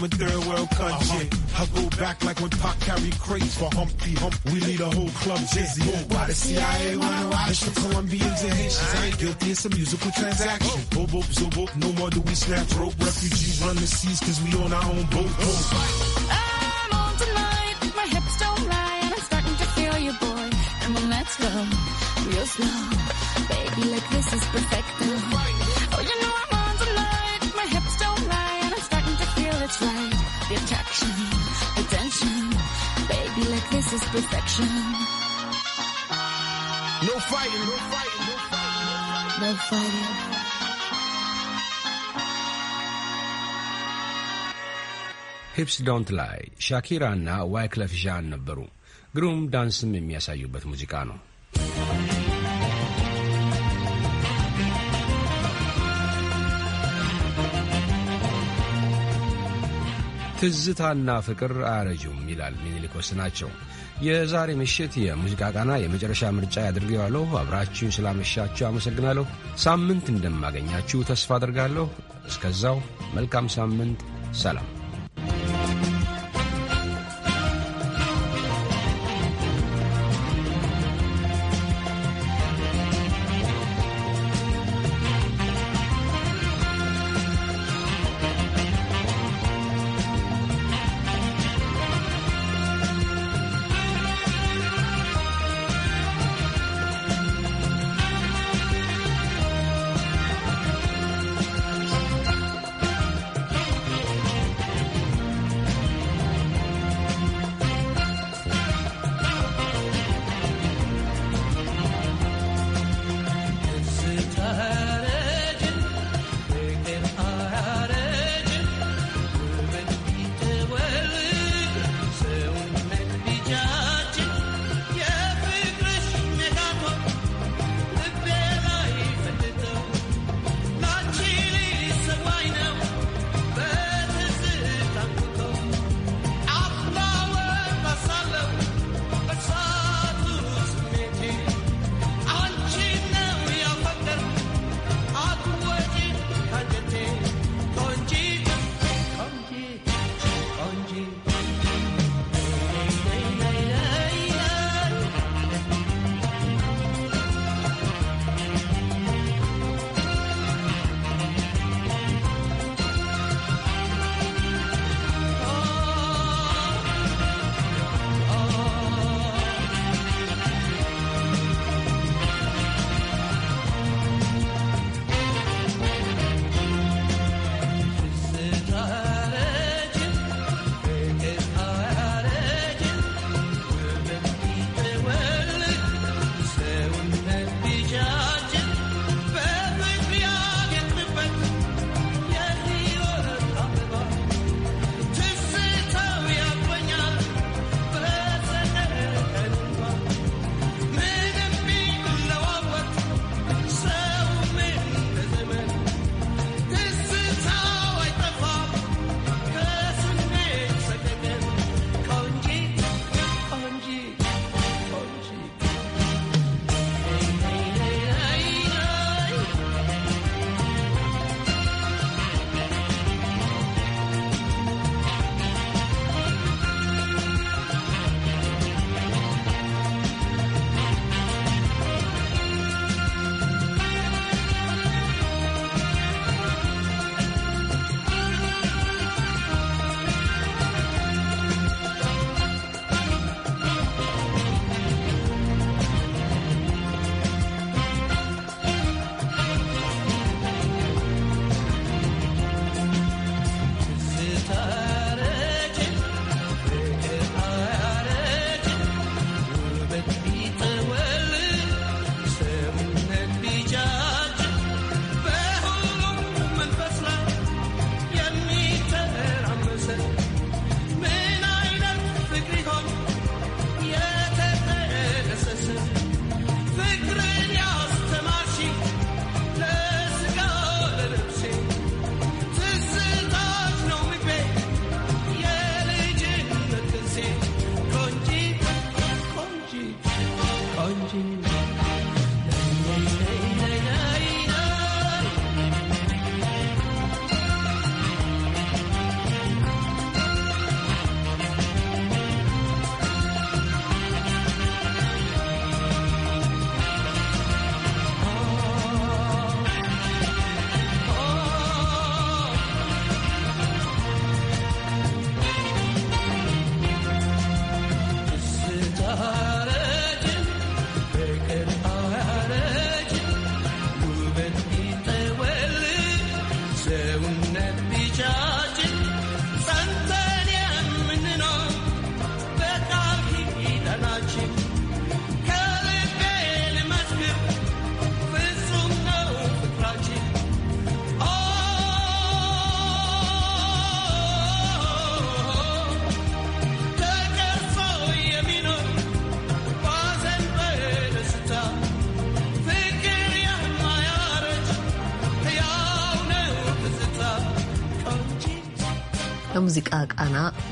in third world country. Uh-huh. I go back like when Pac carried crates for Humpty Hump. We lead a whole club dizzy. Yeah. Oh, why the CIA wanna watch the Colombians and Haitians? I ain't guilty, it's a musical transaction. Oh, boop, zoop, no more do we snap rope. Refugees run the seas cause we on our own boat. Oh. perfection. No fighting, no fighting, no fighting, no fighting. ሂፕስ ዶንት ላይ ሻኪራ እና ዋይክለፍ ዣን ነበሩ። ግሩም ዳንስም የሚያሳዩበት ሙዚቃ ነው። ትዝታና ፍቅር አያረጁም ይላል ሚኒሊኮስ ናቸው። የዛሬ ምሽት የሙዚቃ ቃና የመጨረሻ ምርጫ ያድርጌዋለሁ። አብራችሁን ስላመሻችሁ አመሰግናለሁ። ሳምንት እንደማገኛችሁ ተስፋ አድርጋለሁ። እስከዛው መልካም ሳምንት። ሰላም።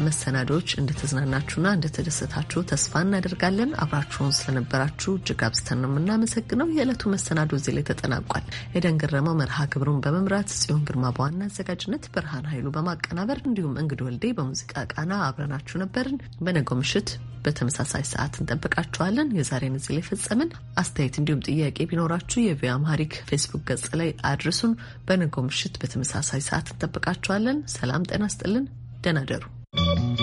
መሰናዶዎች እንደተዝናናችሁና እንደተደሰታችሁ ተስፋ እናደርጋለን። አብራችሁን ስለነበራችሁ እጅግ አብዝተን ነው የምናመሰግነው። የዕለቱ መሰናዶ እዚህ ላይ ተጠናቋል። ኤደን ገረመው መርሃ ግብሩን በመምራት ጽዮን ግርማ በዋና አዘጋጅነት፣ ብርሃን ኃይሉ በማቀናበር እንዲሁም እንግድ ወልዴ በሙዚቃ ቃና አብረናችሁ ነበርን። በነገው ምሽት በተመሳሳይ ሰዓት እንጠብቃችኋለን። የዛሬን እዚህ ላይ ፈጸምን። አስተያየት እንዲሁም ጥያቄ ቢኖራችሁ የቪ አምሃሪክ ፌስቡክ ገጽ ላይ አድርሱን። በነገው ምሽት በተመሳሳይ ሰዓት እንጠብቃችኋለን። ሰላም ጤና ስጥልን። ደህና ደሩ። Thank you.